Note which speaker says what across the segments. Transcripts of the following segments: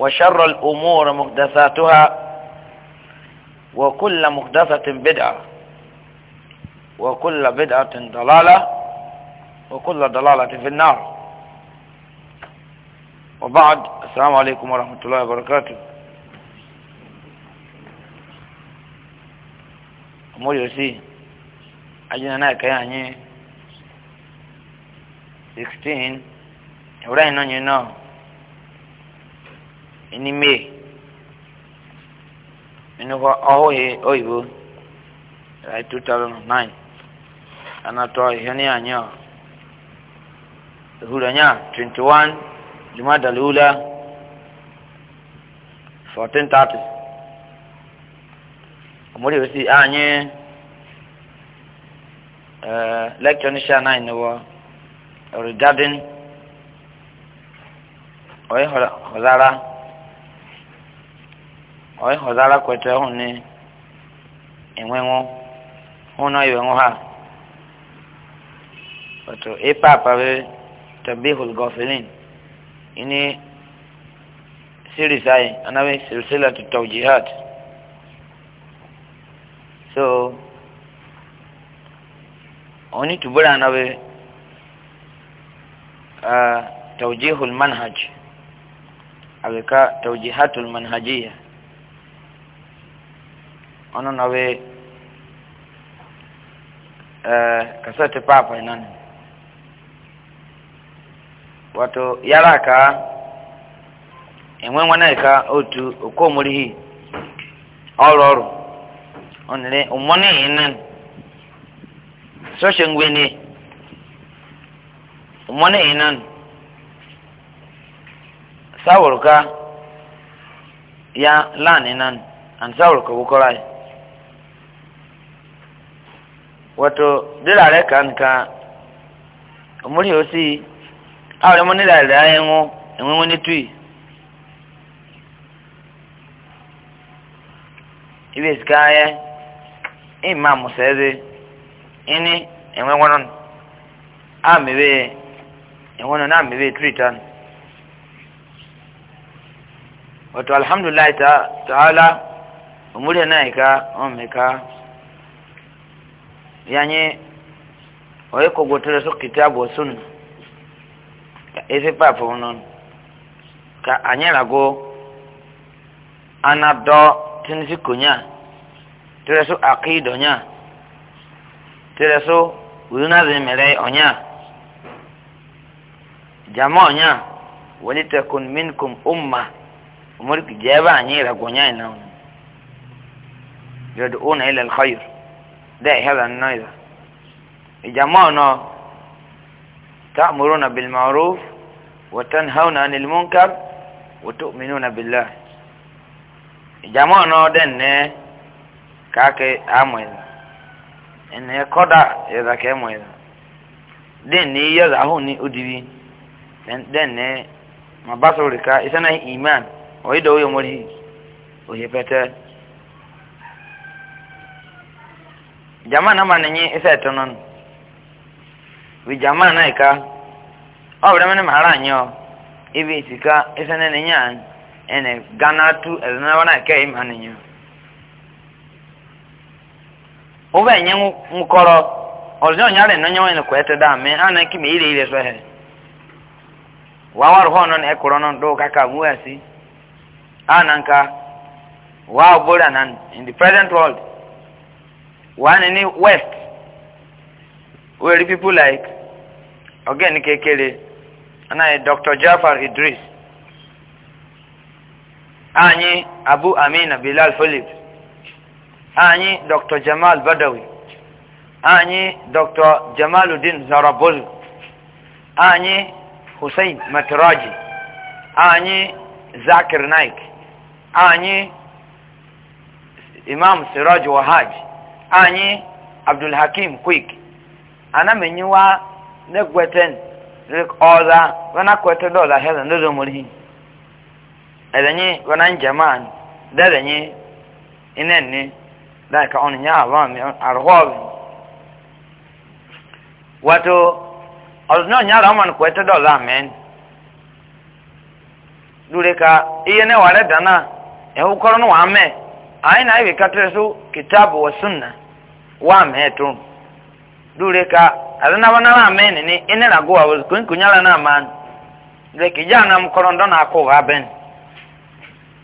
Speaker 1: وشر الأمور محدثاتها وكل محدثة بدعة وكل بدعة ضلالة وكل ضلالة في النار وبعد السلام عليكم ورحمة الله وبركاته أمور وسي أجينا ناكا يعني 16 ورأينا نينا ini mee ini hɔ ɔhɔhe oyibo right two thousand nine anatɔ ihene anya twenty one juma fourteen thirty ɛɛ eh, lecture ni hyɛ nine ni wɔ oyi hozara kwete hun ni enwenwo hun na iwenwo ha wato ipa uh, tabi hul gofilin ini series ayi anabi silsila to tawjihat so oni tubura anabi uh, توجيه المنهج أو توجيهات المنهجيه ọnụ na wee ee kaseti paapụ nani wato yara ka enwe nwana ka otu okomorihi ọrụ ọrụ onere ụmụnne ihe nani sọshe ngwene ụmụnne ihe nani sawụrụ ka ya lan nani and sawụrụ ka wukọrọ anyị wato dirare kan ka muri osi awre mo ni da da enwo enwo mo ni tui ibe skaye imam musede ini enwo wonon amebe enwo non amebe tritan wato alhamdulillah ta'ala umuri na ka on me ka yanye oye kogotere so kitabu sun ka ese papo non ka anyera go anado tinsi kunya tere so akido nya tere so wuna zemere onya jama onya walitakun minkum umma umuri kijaba anyera go nya ina yad'una ila alkhair they haven't neither الجماعة تأمرون بالمعروف وتنهون عن المنكر وتؤمنون بالله الجماعة دن كاكي أمويل إن يقضى إذا كأمويل دن يزعهوني أدبي دن ما بصرك إسانا إيمان ويدو يوم الهي وهي فتاه jamaa na mana nyi isa etonon wi jamaa na ika
Speaker 2: obere mene mara
Speaker 1: anyi ibi isika isa ne ne nyan ene gana tu na wana ike ima ne nyo obe nye mukoro ozo nyare no nyo ene kwete da me ana ki me ile ile so he
Speaker 2: wa waru hono ne
Speaker 1: ekoro no do kaka muasi ana nka wa obora nan in the present world one ní west where people like ọ̀gẹ́ni kékeré ana dr jafar idris anyi abu amina bilal philip anyi dr jamal badawi anyi dr Jamaludin zarabul anyi hussein matraji anyi zakir naik anyi imam siraj wahaj anyị abdul hakim quick anamenyiwa ne gweten ọza wana kwete dọla helen dodo mori edenye wana njaman dedenye inenni daika on nya awami arhobi wato ọdụnọ nya raman kwete dọla amen dure ka ihe ne ware dana ehukọrọ nwa ame anyị na-ewekatara so kitabu wa sunna wa metu dure ka azana bana la ni ene la go awol kun kunyala na man de kijana mkorondo na ko gaben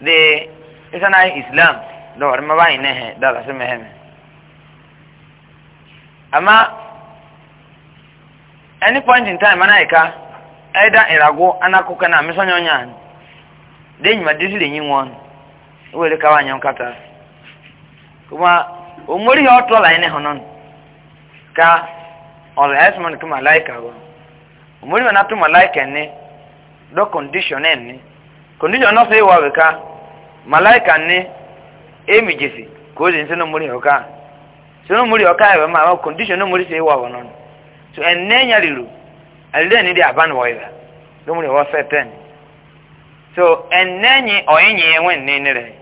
Speaker 1: de isana islam do war ma bai ne he da la seme he ama any point in time anaika either irago anakuka na misonyo nyan de nyima disile nyi won wele ka wanya mkata kuma omori ya ọtọ la ene honon ka ọla esman ku malaika go omori na tu malaika ne do condition ne condition no se wa ka malaika ne emi jesi ko je nse no mori oka se no mori ka e ma kondishon no mori se wa wa non so enne nya elide eni ni di aban wa ira do mori wa se ten so enne nyi oyenye enwe ne ne re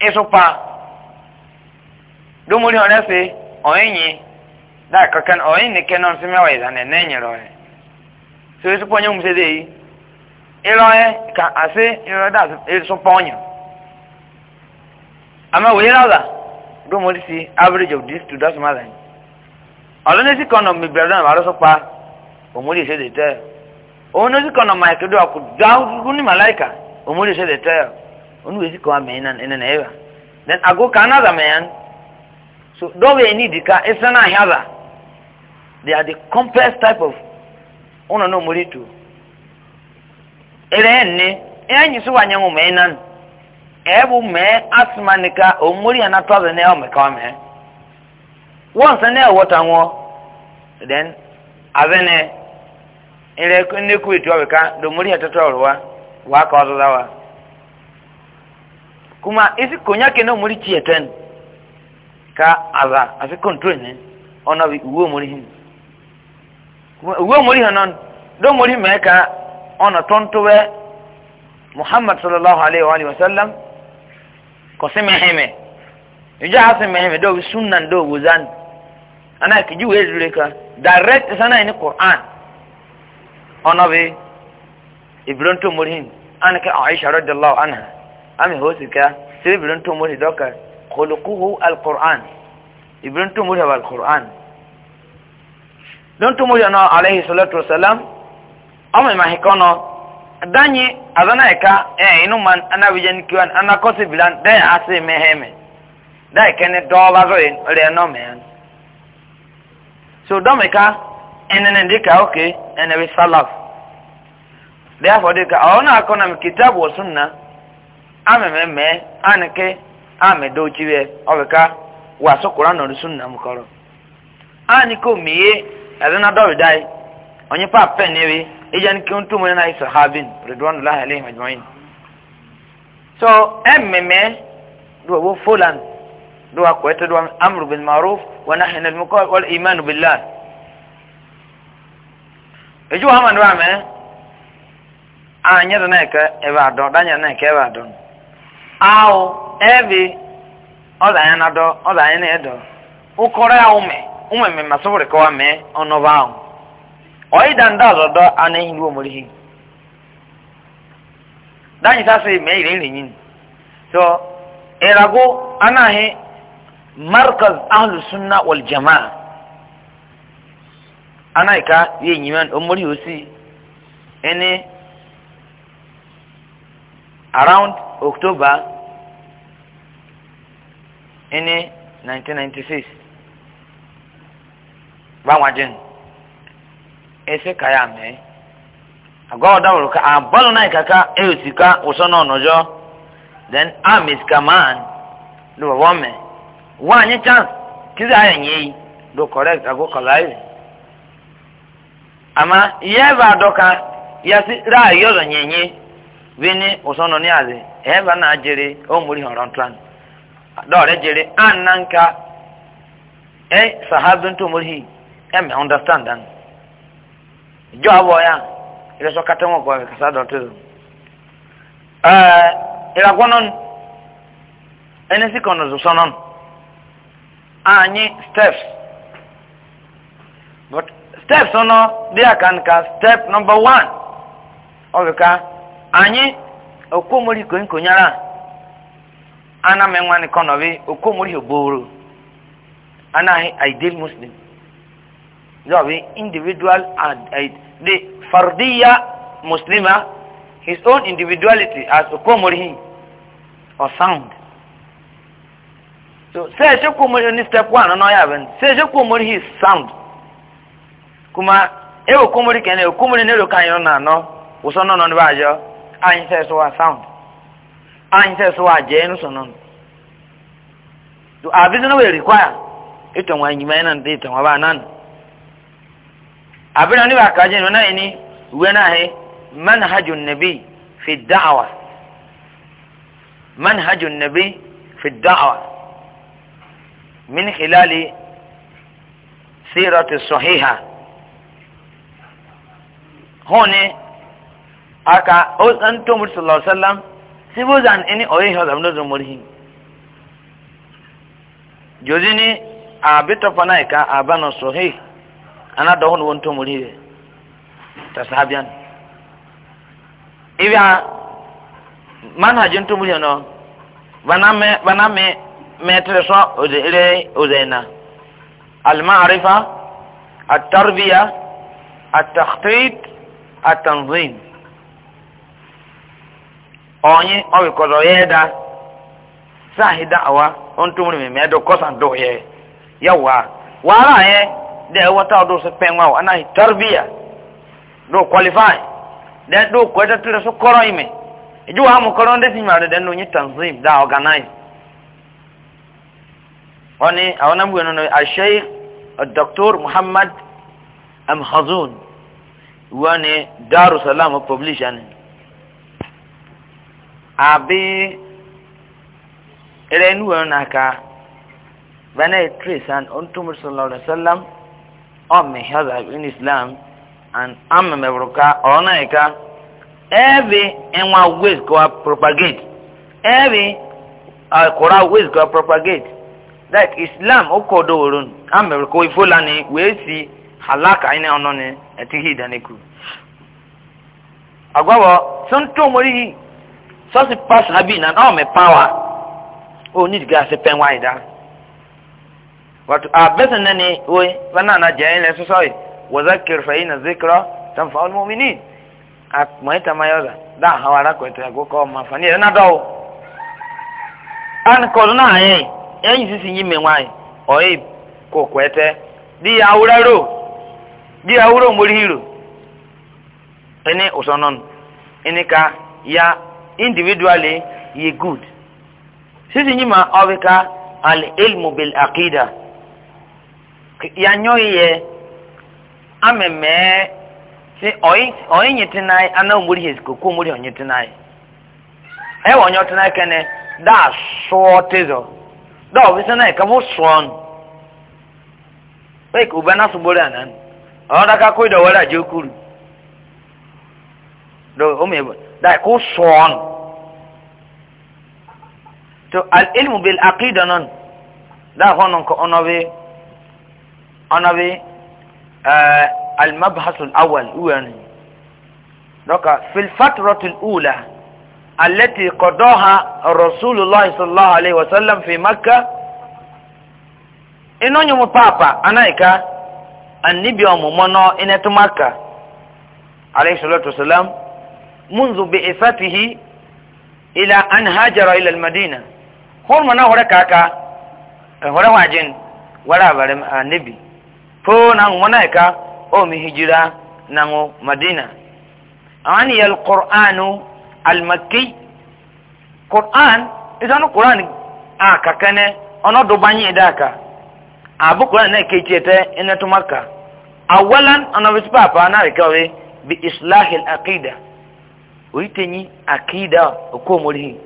Speaker 1: pa, isupa dumuni onese oenyi da kakan oenyi kenon simewa izane nenyi roe so isupa nyo musede yi iroe ka ase iroe da isupa onyo ama wei rada dumuni si average of this to that mother ọlọ́nà sí kan náà mi bẹ̀rẹ̀ náà àrọ́sọ pa òmùdí ìṣẹ̀lẹ̀ tẹ́ ọ òun ló sì kan náà màìkì ní màláìkà òmùdí ìṣẹ̀lẹ̀ tẹ́ ọ. onu esi kwa me na ene na then agụ ka na da man so do we need ka esa na haba they are the complex type of ono no muritu ere enne enyi so anyanwụ mee ị na ebu me asmanika ya na twaze na o me ka mee once na e wota nwo then avene ile neku itu abeka do ya atatoa ruwa waka zawa kuma isi konya ke no muri ci eten ka aza asi control ne ona bi uwo muri hin kuma uwo muri hanan do muri me ka ona tontowe muhammad sallallahu alaihi wa alihi wasallam ko sema heme yuja hasema heme do sunna do wuzan ana kiji wezure ka direct sana ni qur'an ona bi ibronto muri hin anaka aisha radhiyallahu anha ami hosika sai birin tun mutu doka khuluquhu alquran ibrin tun mutu alquran don tun mutu na alaihi salatu wassalam amma ma hikono danyi azana eka eh inu man ana wijen kiwan ana kosi bilan da ya ase meheme da ikene dola zo in no men so domeka enene ndika okay ene salaf therefore dika aona akona kitabu wa sunnah amememe anike amedochiwe obika wasokura na orisun na mukoro anike omiye azina dawidai onye pa pen ewe eja nke ntu mo na isa habin ridwanullahi alaihim ajmain so emmeme do wo fulan do akwete do amru bil ma'ruf wa nahyi anil munkar wal iman billah eju ha man wa me anya na ka eba do danya na ka eba do aw ebe ọla ya na dọ ọla ya na edọ ụkọrọ ya ume ume me masọbụrụ kọwa mee ọnụ ba ahụ ọyị da ndị ọzọ dọ anaghị ndị omori hi danyi sasị mee ire ire nyin so irago anaghị markaz ahlu sunna wal jama'a anaghị ka yi enyi ya omori osi ene around October in 1996 bawajin ese kaya me agwa da wuru ka abalu na kaka eotika uso na onojo then armies command lo wa me wa nyi chance kiza ayenyi do correct ago kolai ama yeva doka yasi ra yozo nyenye Bini usono ni azi eba na ajiri o muri horon tlan dore jiri annanka e sahabin to muri em understand dan jo abo ya ile so katamo ko ka sa do tezo eh ila konon ene si kono usono anyi steps but steps ono dia kan ka step number 1 obika anyị okomori konyara ana m enwe nikonobi okomori oboro anaghị ideal muslim zọbi individual and the fardiya muslima his own individuality as okomori or sound so sai shi komori ni step one na ya ben sai shi komori is sound kuma e okomori kenan okomori ne ro kan yo na ba anyị sị so asaw anyị sị so agye no so no to abịa na wee require ịtọ nwa enyima ya na ndị ịtọ nwa ba nan abịa na ndị ba ka agye na ịnị uwe na ahị manhajụ nabi fi da'awa manhajụ nabi fi da'awa min khilali sirati sahiha hone aka o san to muri sallallahu alaihi wasallam sibo zan ini oyi ho da mno muri jojini a bito fanaika a bano sahih ana da hon won to muri ta sahabian ibya manhajin to muri no baname baname metre so ozere ozena al ma'rifa at-tarbiya at onye owikọrọ ya da sahi da'awa on tumuri me me do kosan do ye yawa wala ye de wata do so penwa wa na tarbiya do qualify de do ko da tire so koro ime ju ha mu koro de sin mare de no nyi tanzim da organize oni awon namu no a sheikh dr muhammad amhazun wani darussalam publish ani abi irenu wani naka bana and on tumur sallallahu alaihi wasallam on me e e hada in islam and am me broka ona eka every enwa ways go propagate every akora ways go propagate like islam okodo orun am me ko ifolani we si halaka ina onone etihi daneku agwawo sun tumuri sọsi pass na bi na na ọmọ pawa ah, e, e, o ní dìgbà sẹ pẹ́ wáyé dá wàtò abẹ́sẹ̀ nẹ́ni oye bẹ́ẹ̀ náà jẹ́ ẹ̀ lẹ́sọ sọ́ọ̀yì wọ́dà kiri fẹ́yìn na zikirọ́ sanfa ọlọ́mọ mi ní àpọ̀ ẹ̀ta máa yọ̀dà dá àwọn arákùnrin ẹ̀kọ́ kọ́ ọmọ àǹfààní ẹ̀ náà dọ́wọ́. anikọ̀dún náà yẹn ẹ̀yìn sísì yín mi wáyé ọ̀yẹ́ kò kọ́ ẹ̀tẹ́ bí awúrẹ́ rò bí awúrẹ́ òmórí hìrò ẹni òsàn náà ẹni ka ya individually ye good sisi nyima ọbịka al ilmu bil aqida ya nyoghị ya amemme si oyi nyetina ana omori hezi ko kuo omori onyetina e wa onye ọtụna kene da sụọ tezọ da ọbịsa na ikamu sụọ nụ wek uba na sugbori anan ọrụ daka kụ idọwara ji okuru do o mebe ده يكون صوان تو العلم بالعقيدة نن ده هو ننك انا بي انا بي آه المبحث الاول awwal uwan doka fil fatrati التي قضاها رسول الله صلى الله عليه وسلم في مكة انو يوم بابا أنا ايكا النبي أمو منو انتو مكة عليه الصلاة والسلام منذ بعثته إلى أن هاجر إلى المدينة هرمنا هركاكا هرواجن ولا برم النبي فونا منايكا أم مهجرا نمو مدينة أعني القرآن المكي قرآن إذا نو قرآن آكا كان أنا دباني إداكا أبو قرآن كيتيتي إنتو مكة أولا بس بسبابا أنا ركوي بإصلاح الأقيدة oyitanyi akida okomori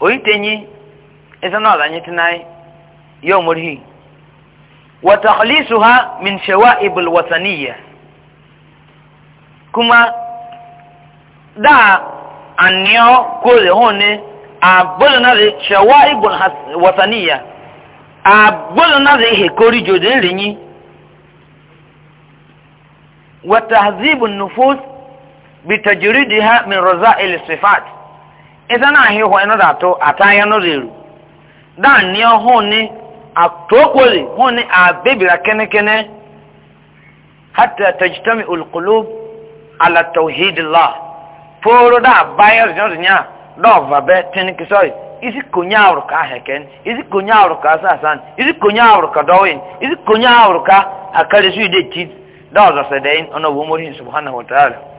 Speaker 1: oyitanyi esana alanyitinaye yomori wa takhlisuha min shawaib alwataniya kuma da anyo kore hone abolo na re shawaib alwataniya abolo na re hekori jode rinyi wa tahzibu nufus bitajiridiha min rosa sifat ita na ahi ho eno dato ataya no reru dan ni ho ni atokwori ho ni abebira kenekene hatta tajtami'u alqulub ala tawhid allah poro bayar jor nya isi konya awruka isi konya awuruka sasan isi konya isi konya awuruka de ti wa ta'ala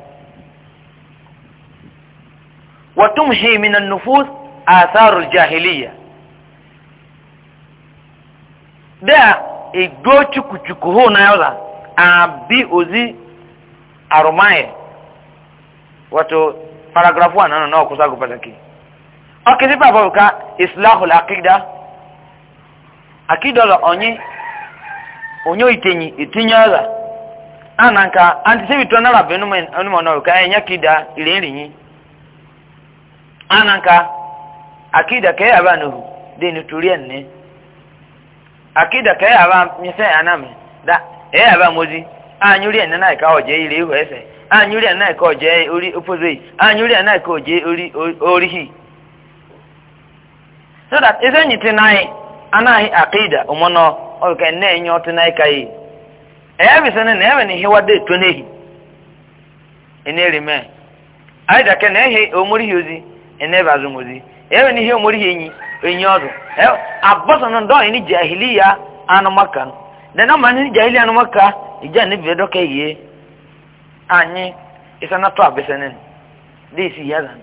Speaker 1: وتمحي من النفوس آثار الجاهلية ده إجو تشكو تشكو هو نايولا أبي أوزي أروماي واتو paragraph 1 ano nao kusaga kupata ki okay sipa hapo ka islahul aqida akida la onye onyo itenyi itinyaza ananka antisebi tona la benu men anu monao ka enya kida ile nrinyi ananka akida ke abanuhu deni turiyan ne akida ke aba mise aname da e aba mozi anyuri na ka oje ile ihu ese anyuri en na ka oje ori opoze anyuri en na ka oje ori orihi so that is anything nai anahi akida umono o ke na enyo tinai kai e bi sene na e even hiwa de tonehi eneri me aida ke na ehe omuri hi ozi ene ba zumuzi ewe ni hiyo muri hinyi enyi odu ewe abosa no ndo ni jahiliya anu makan de na mani jahiliya anu makka ija ni bedo ke ye anyi isana to abesenen disi yadan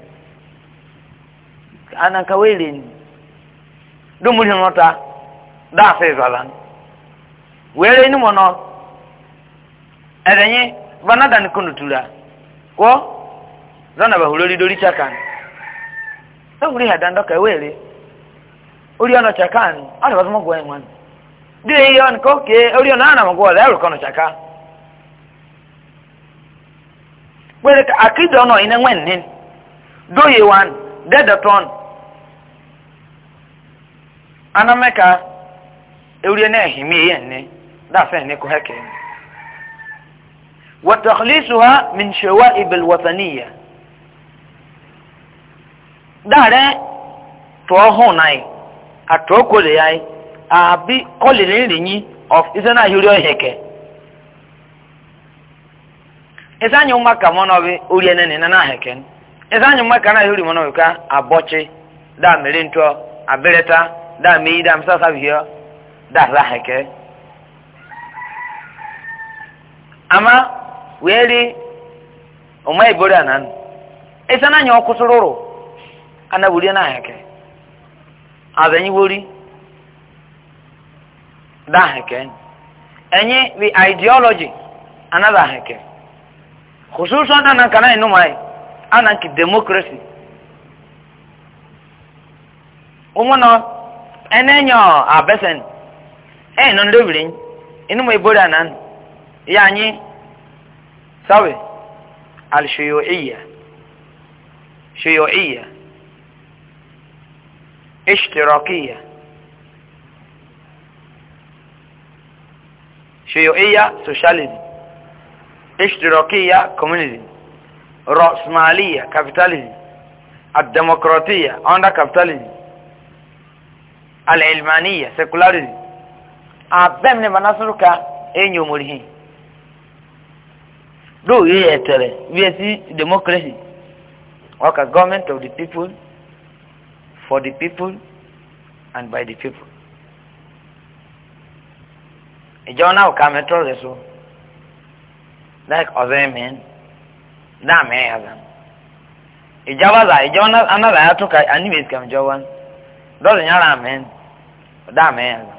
Speaker 1: ana kawele ni do muri nota da se zalan were ni mono erenye banadan kunutura ko zana ba hulori dori chakan sawuri ya dando ka wele uri ono chakan ala bazumo gwen wan de yon ko ke uri ono ana mo gola uri kono chaka wele ka akido ono ina wen nin do ye wan de do ton ana meka uri na ehimi ye ne da fe ne ko heke wa takhlisuha min shawa'ib dare tụọ hụ na ị atụọ kole ya ị abi kọlili nrinyi of ise na ahịrị eke ise anyị nwa ka mụ n'ọbị ori enene na n'aheke ise anyị nwa ka n'ahịrị mụ n'ọbị ka abọchị da mere ntụọ abịrịta da meyi da msasa bihịọ da aheke ama wee ri ụmụ ibori anan ise na anyị ọkụsụrụ ụrụ anaburi na heke azanyi wori da heke enyi the ideology another heke khususan ana kana inu mai ana ki democracy umono enenyo abesen eh non dobrin inu mai boda nan ya anyi sabe al shuyu'iyya shuyu'iyya اشتراكية شيوعية سوشاليزم اشتراكية كومونيزم رأسمالية كابيتاليزم الديمقراطية under كابيتاليزم العلمانية سيكولاريزم abẹ́m ni manasoro ka enyo mori hin do yeye ẹtẹrẹ bí ẹ government of the people for the people and by the people. ìjọ náà kà mẹ́tọ́ rẹ̀ so like ọ̀sẹ̀ mi dáa mẹ́rin yàtọ̀ ìjọba là ìjọ anára yàtọ̀ ká aníbèsí kàm ìjọba lọ́dún yàrá mẹ́rin dáa mẹ́rin yàtọ̀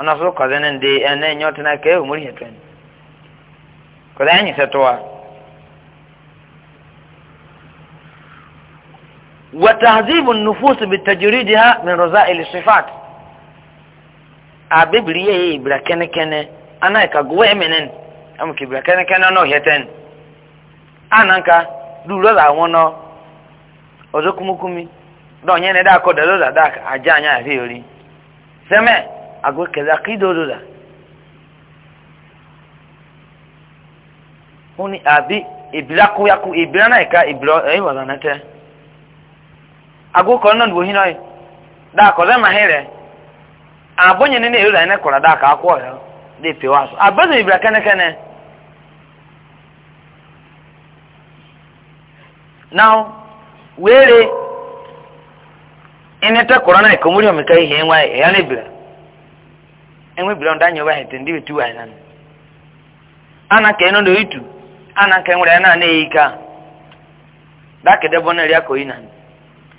Speaker 1: ọ̀nà sọ kọ̀sẹ̀ ní ndé ẹ̀ náà ẹ̀yọ́ tẹ̀ náà kẹ́ ẹ̀ òmùrí yẹtọ̀ ẹ̀ kọ̀sẹ̀ ẹ̀yìn sẹ́tọ̀ wa. وتهذيب النفوس بتجريدها من رذائل الصفات abibiriye yi bira kɛnɛkɛnɛ ana ka gowe menen amu ki bira kɛnɛkɛnɛ no heten ananka duro la wono ozo kumukumi do nyene da ko do da da aja anya ri ori seme agwe keza kido do da oni abi ku ka e na eh, te agụkọ nọ n'uwe hinọ dako dị ma hịrị abụnye nị na-eru anyị kọrọ dako akwụ ọhịa dị pewe asụ abụzụ ibira kenekene now were ịnị tekọrọ na ikomori omika ihe nwa ya e na ebira enwe ebira ndị anyị ọba hete ndị betu anyị nanị ana ka ịnọ n'oyitu ana ka enwere ya na-anaghị ike a dakede bụ na eri akọ yi nanị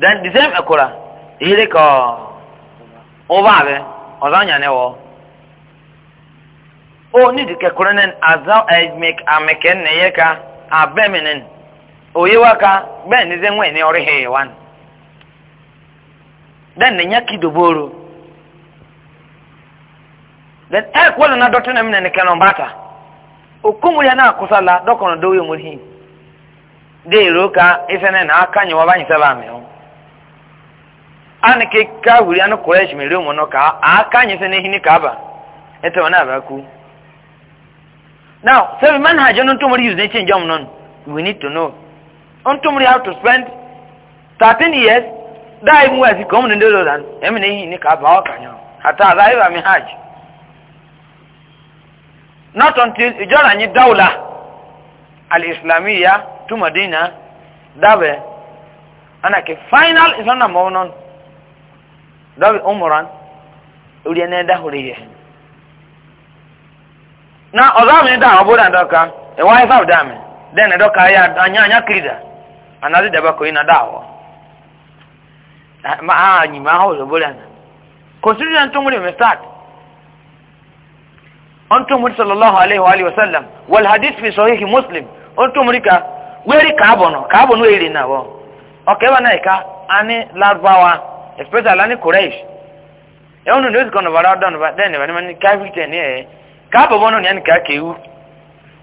Speaker 1: then the same ekura ihe ka ụba abịa ọzọ anya na ịwọ o need kekuru nen azọ emek eh, ameke ah, na ihe ka abemenen ah, oyewa ka bẹ́ẹ̀ ni ze nwee ni ọrụ ihe ịwan then na nya kidoboro then ek eh, wọlọ na dọtụ na m na nke nọ mbata ya na-akụsala dọkọrọ dowe omuri hi deero ka ife na aka nyewa banyisaba amịwa an ke kawuri an quraish mere mu no ka aka nyi se ne hini ka ba eto wana ba ku now so man no to muri use ne change am we need to know on to muri how to spend 13 years die mu asi komun ndo do dan em ne hini ka ba ka nyo hata dai ba mi haj not until ijora anyị daula al islamiyya to dabe ana ke final is on a moment dɔbi umuran uriɛ ne da hore yɛ
Speaker 2: na ɔzɔmi da ɔbo da
Speaker 1: ka ɛwɔ ayi fa da mi den ne dɔka ya anya anya kiri da anazi daba koyi na da awɔ ma aa nyima ha ɔzɔ bo da na kosiri da ntomori mi start ntomori sallallahu alaihi wa alihi wa sallam wal hadith fi sahihi muslim ntomori ka weri kaabɔ no kaabɔ no eri na wɔ ɔkɛ wa na yi ka ani larubawa. especially ani kureish ɛwọn nínú oṣù kan nà bàrà ọdọ nà dẹ́n nà bàrà ní káfíìrì tẹ̀ ní ẹ̀ káàbọ̀ bọ́ nínú yẹn ká kéwú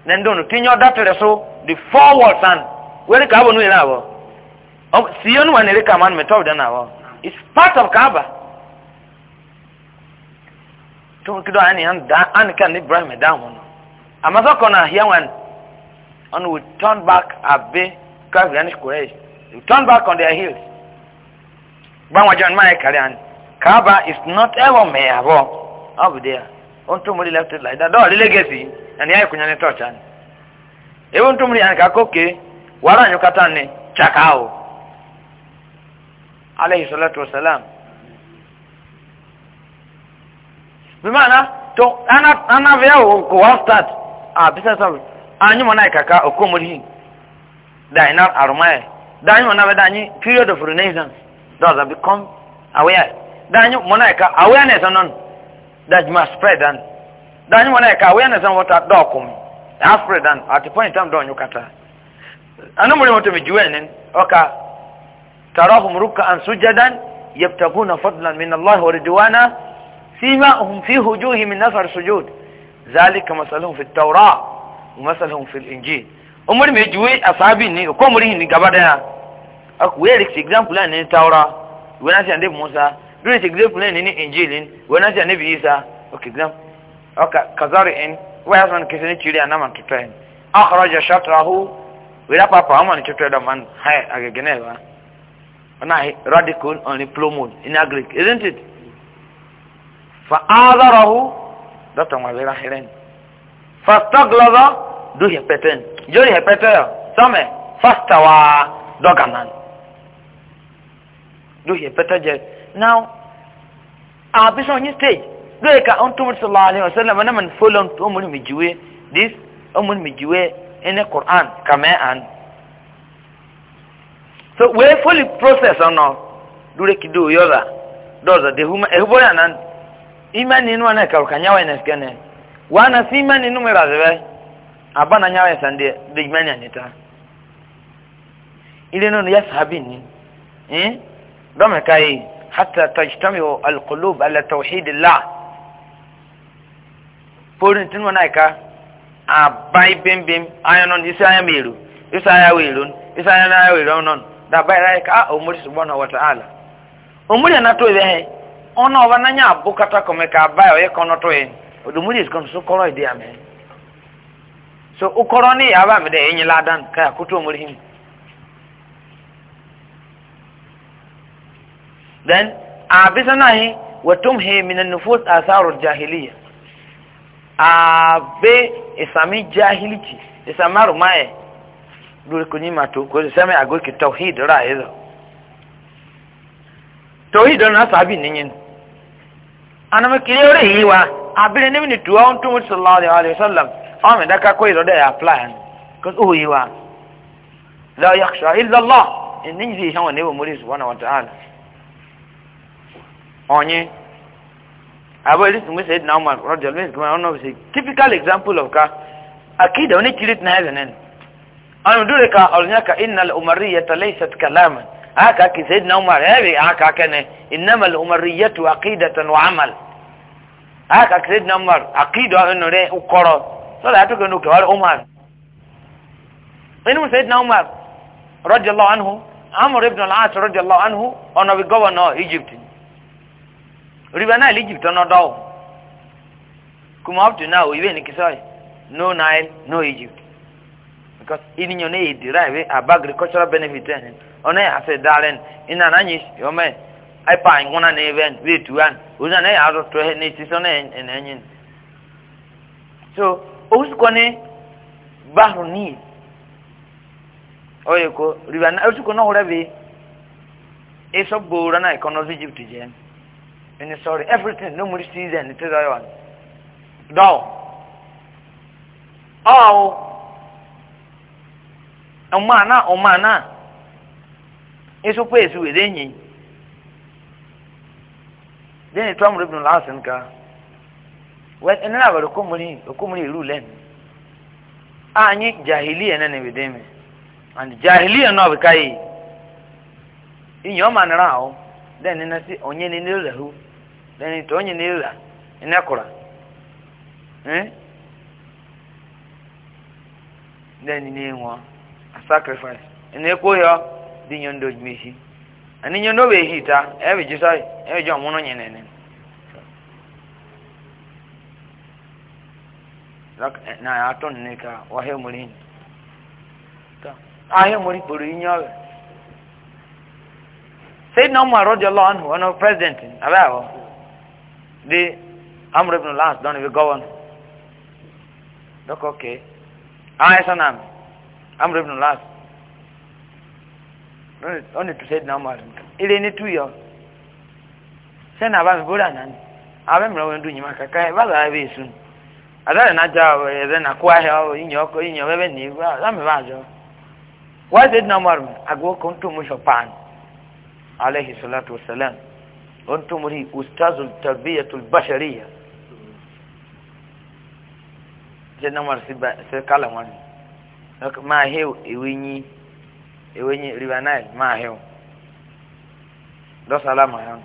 Speaker 1: nà ndó nù tìnyẹ́ ọ̀dà tẹ̀lẹ̀ so the four walls and wẹ́rẹ́ káàbọ̀ nù yẹn nà wọ̀ sìyẹ́ nù wà nà èrè kàmá nù mẹ́tọ́ ọ̀dọ̀ nà wọ̀ it's part of káàbà tó kí dọ́ ànì ànì ká ní ibrahim ẹ̀dá wọn nù àmọ́tọ́ kọ́ nà àhíyá wọn and we turn back àbí káfíìrì ànì kureish we turn back on their heels gbanwa john maye kari Kaba is not ever me abo abu there on to muri left like that do legacy and ya kunya ne torch an e on to muri an ka koke wara nyu katan ne chakao alayhi salatu wassalam bimaana to ana ana vya ko wa start ah bisa sabu anyu mona kaka okomuri dainar arumae danyu na vedanyi period of renaissance Those have become aware. Then you, monaika awareness on That must spread and danyu monaika awareness on what at dokum. That spread and at the point in time don't don yukata. Ano muli moto mijuenen oka tarahum ruk'an sujadan yabtaguna fadlan min Allah wa ridwana سيماهم في وجوههم من نفر سجود ذلك مثلهم في التوراة ومثلهم في الإنجيل أمر مجوي أصحابي ني وكمره ني قبضها where is example ni taura where is ande musa where is example ni we where is ande isa okay example okay kazari en we is one kisini chiri anama tutrain akhraja shatrahu where papa ama ni tutra da man hai agageneva na radical on plomon in greek isn't it fa adarahu data mawera hiren fastaglaza duhi peten jori hepete same fastawa doganan do he better je now a bi so ni stage do ka on to sallallahu alaihi wasallam na man follow to mun mi juwe this mun mi juwe in the quran kama an so we fully process on no do le kidu yoda doza de huma e hubona nan imani nu ana ka kanyawa na skene wana si imani nu mera zebe abana nyawa e sande de imani anita ile no ya sahabi ni eh dɔmi ka yi hata tajtami o alqulub ala la porin tinu na ka a isi bim bim ayan non isa ayan meru da bai ra ka ah, o muri subhanahu wa ta'ala o muri na ona oba na bukata ko me ka bai o ye kono to en o du muri skon so koro ide ame so ukoro ladan then a bisa na yi watum he minan nufus asarul jahiliya a be isami jahilci isama rumaye lórí kò ní ma tó kò sí sẹ́mi àgókè tawhid rà yìí lọ tawhid ọ̀nà sábì nìyẹn anamọ kiri ó rè yí abirin níbi ni tuwa ohun tó ń sọ lọ́wọ́ àlẹ́ sọ́lọ́m ọmọ mi dáká kó ìrọ̀dẹ̀ yà apply ẹ̀ kò sí òye wa lọ́ọ́ yàtọ̀ ilọ́lọ́ ẹ̀ níyìí ìhẹ́wọ̀n ní ìwòmórí ìṣùwọ́n náà wọ́n ti hàn onye abu elisi mwe said na umar rodi alwin kuma ono bi typical example of ka akida oni chirit na heaven en anu dure ka olnyaka innal umariyata laysat kalaman aka ki said na umar ebi aka kene innamal umariyatu aqidatan wa amal aka ki said na umar aqida re ukoro so da to kenu ka umar inu said na umar rodi allah anhu amr ibn al-as rodi allah anhu ono bi governor egypt river nile egypt ọ̀nà dọ́wọ̀ come up to now ìwé nìkísọ́ no nile no egypt because ìníyàn náà yìí derive aba agricultural benefit ẹ̀ ọ̀nà yà sẹ̀ dàrẹ́n iná náà yìí ọmọ ẹ̀ ipa ìwọ̀n náà ẹ̀vẹ̀ wíì tù án òun náà yà á rọ̀tọ̀ ẹ̀ ní ìsísọ́ náà ẹ̀ náà so òun sì kọ́ ní bahru nile ọ̀yẹ̀kọ̀ river nile òun sì kọ́ náà wọ́rẹ́ bi ẹ̀ sọ́ gbòòrò náà ẹ̀kọ́ náà sí egypt jẹ́ ẹ̀. and sorry, everything, nobody sees and it is all one. Down. Oh. Omana, omana. Eso pues we denyi. Then it come Ibn al-Asim ka. Well, and now the kumuli, the kumuli rulen. Anyi jahiliya na ne bideme. And jahiliya no bikai. Inyoma na rao. then eh, na onye na-ele ahụ then ite onye na-ele ị na-akọra na sacrifice na-ekwu ya dị nye ndụ ojima isi ndụ taa ebe jisa ebe ji ọmụrụ nye na-ene na atụ nne ka ọhịa omori ahịa omori kpọrọ inye sayyidina umar radiyallahu anhu ọ̀nà president abẹ́àwọ̀ di amr ibn lance don ibi governor dọ́kọ̀ okay àwọn ẹ̀sán náà amr ibn lance ọ̀nà tó sayyidina umar ilé ní two years sẹ́nà àbámi bóra náà ni abẹ́mìíràn wọn dùn yìí máa kàkà ẹ̀ bá bàá bẹ́ẹ̀ sùn àdáyé náà já ẹ̀rẹ́ náà kó ahẹ́ ọ̀ yìnyín ọkọ̀ yìnyín ọ̀bẹ́bẹ́ nìyí wá láàmì bá a jọ wọ́n sayyidina umar àgbo kò ń tó mú sọ paanu alayhi salatu wassalam ó ń tó mú rí ustazul tarbiyatul bashariya ṣe náà wọn ṣe kálà wọn ni máa hew ìwé yín ìwé yín river nile máa hew lọ́sàlá máa hew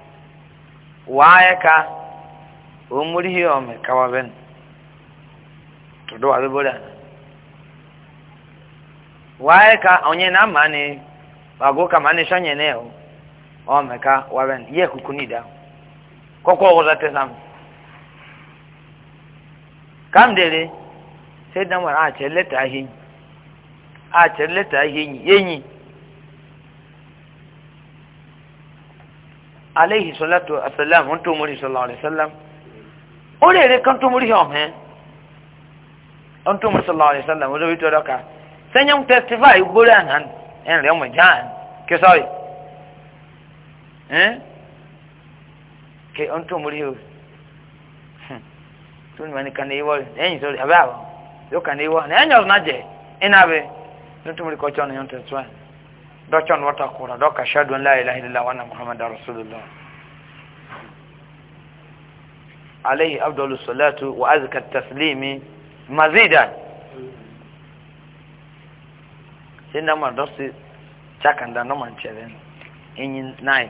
Speaker 1: wàá yẹ ká òun mú rí ọmọ ìkáwá bẹ́ẹ̀ ni tọ̀dọ̀ wà bẹ́ẹ̀ bọ́dà wàá yẹ ká ọ̀nyẹ́ náà máa ní wàgó kàmá ní sọ́nyẹ́ náà o ọmọka warren yẹ kuku ni da kọkọ ọwọlọ tẹsán kamdere sai dan wani a ce leta ahin a ce leta ahin yanyi alaihi salatu asalam wọn tó múri sallallahu alaihi sallam ó lè rí kan tó múri ọmọ wọn tó múri sallallahu alaihi sallam wọn tó wí tó dọka sẹyìn testify gbórí àná ẹn rẹ ọmọ jáàn kí sọyìí ɛn ke ɔn tó mori o tó ní ma ni kàní iwọ ẹyin sọrọ abẹ àbọ yóò kàní iwọ ní ẹyin ọ̀sán jẹ ẹnna bẹ ní tó mori kọ́ ọ̀tsọ́ ní yọ̀n tó tó ẹ̀ dọ́tsọ́ ní wọ́tà kúrò dọ́kà ṣáàdùn ńlá ilà ilà wà ná muhammadu rasulillah alayhi abdul salatu wa azka taslimi mazidan sai na ma dosi chakanda no manchelen enyin nine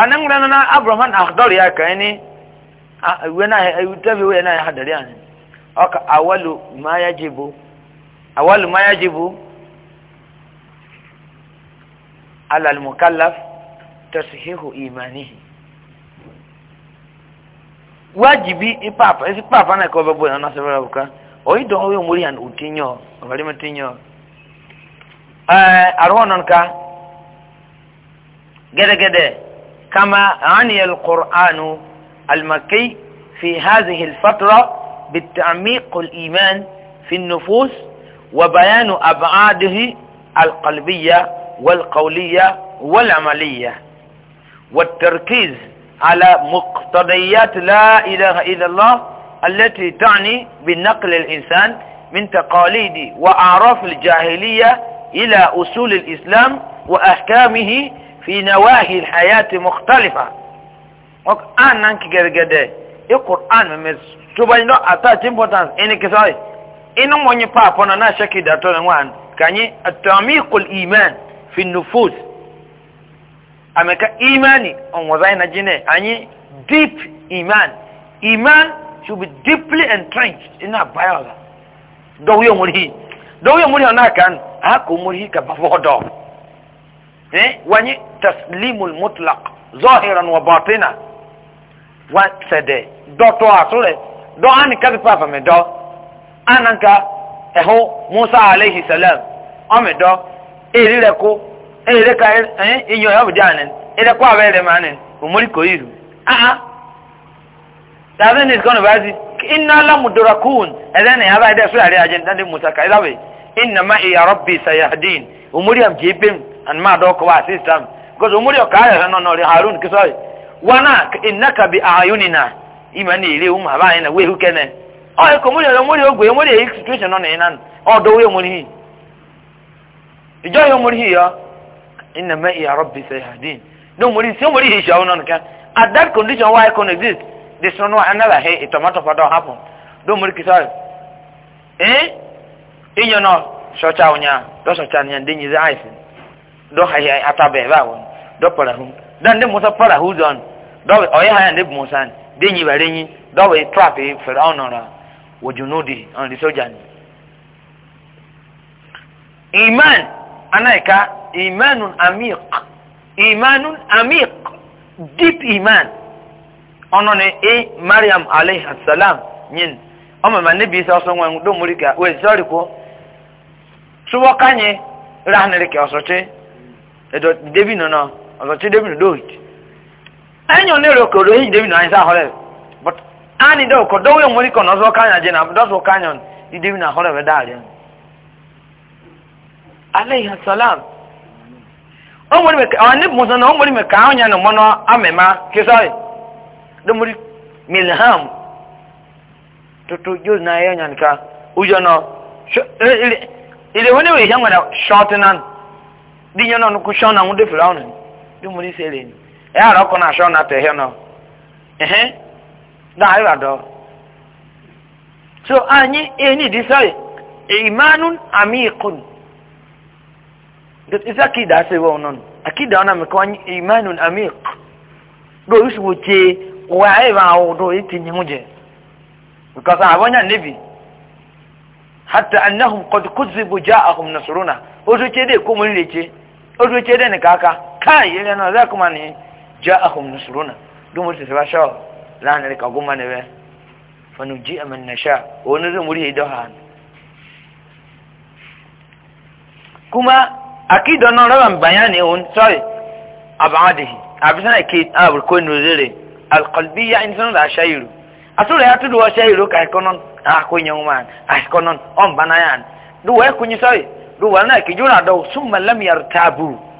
Speaker 1: anan rana na abraham akhdar ya kai ne wena e, tabi wena ya hadari an aka awalu ma yajibu awalu ma yajibu ala al mukallaf imanihi wajibi ipapa isi papa na ko bebo na sebra buka oyi do oyo muri an utinyo obali matinyo eh arwonon gede gede كما عني القرآن المكي في هذه الفترة بالتعميق الإيمان في النفوس وبيان أبعاده القلبية والقولية والعملية والتركيز على مقتضيات لا إله إلا الله التي تعني بنقل الإنسان من تقاليد وأعراف الجاهلية إلى أصول الإسلام وأحكامه fi nawahi alhayati mukhtalifa ok anan ki gergede e qur'an me to ba no attach importance in kisai inu monyi pa pona na shaki da to wan kanyi atamiqul iman fi nufus ameka imani on wazai jine anyi deep iman iman should be deeply entrenched in a biology do we muri do we muri ona kan ha ko muri ka bafo eh wanyi التسليم المطلق ظاهرا وباطنا وسد دو تو اسوره دو ان كذا بابا مي دو انا كا اهو موسى عليه السلام امي دو ايريكو ايريكا ايه يو يو جانن ايريكو ابيري مانن umuri koyiru aa tazan is gonna bazi inna la mudrakun adan ya ba da sura re ajin dan musa kai zabe inna ma ya rabbi sayahdin umuri am jibin an ma do ko wa system because umuri okaya sana no ri harun kisai wana innaka bi ayunina imani ile um aba ina we hu kenen o oh, ko muri ro muri ogwe muri e situation no ni nan o oh, do we muri hi ijo yo muri hi ya inna ma ya rabbi sayahdin no muri si muri hi sha unan kan at that condition why can exist this no wa hey it tomato for don't happen do muri kisai eh inyo no shocha unya do shocha nya ndinyi za ice do hayi atabe bawo dɔ parahu dan ne musa parahu zɔn dɔw ɔye haya ne musa de nyi ba de nyi dɔw ye trap ye fɛrɛ anw nɔra wojunu di ɔn de soja ni. iman ana imanun amiq imanun amiq deep iman ɔnɔ ni e mariam alayhi salam nyin ɔmɛ ma ne bi sɔ sɔ ŋmɛ do muri ka o ye sɔri ko subɔ kanyi rahaniri kɛ ɔsɔ tse edo debi nɔnɔ. ọ̀nà tí david dohit ẹ̀yìn onírò david náà but anyị dẹ́ òkò dọ́wọ́ èmórí kan náà sọ káyàn jẹ́ náà dọ́sọ̀ káyàn ní david náà họ́rẹ́ rẹ̀ dáàrin salam ọmọdé mẹka àwọn ní musa náà ọmọdé mẹka àwọn yẹn mọ náà na kísọ́ọ̀ì dọ́mọdé milham tuntun yóò náà yẹn yàn ká ọjọ́ náà ilé wọn ni wọ́n yẹ yẹn wọn náà ṣọ́ọ̀tì náà dínyẹn náà yóò ní sẹ́lẹ̀ ni ẹ̀ àrọ́ kọ́ náà sọ́ọ̀nà tẹ̀ hẹ́ nọ ẹ̀hẹ́n náà ayọ̀ àdọ́ so anyi eni di sọ́ọ̀ ìmánú àmì ìkùn ìsẹ́ àkìdá ṣe wọ́n náà àkìdá ọ̀nà mi kọ́ ìmánú àmì ìkùn lórí ìṣòwò tse wọ́n ayé ìbá àwọn ọ̀dọ́ yìí ti yẹn jẹ because àbọ̀nyà níbi hàtà anahùn kọ́tù kùtù sí ibùjá àhùn nàṣúrùnà ó tún tse dé kó mo nílé tse ó tún tse dé nìkaaka kai yele na za kuma ni ja'ahum nusruna dum wasu sai bashaw lan ne ka goma ne be fa nuji man nasha wani zan muri da han kuma akido no rawan bayani on sorry abadihi abisana ke abul ko no zere al qalbiyya insan la shayru asura ya tudu wa shayru kai konon a ko nyoma a konon on banayan duwa kunyi sorry duwa na kijuna do summa lam yartabu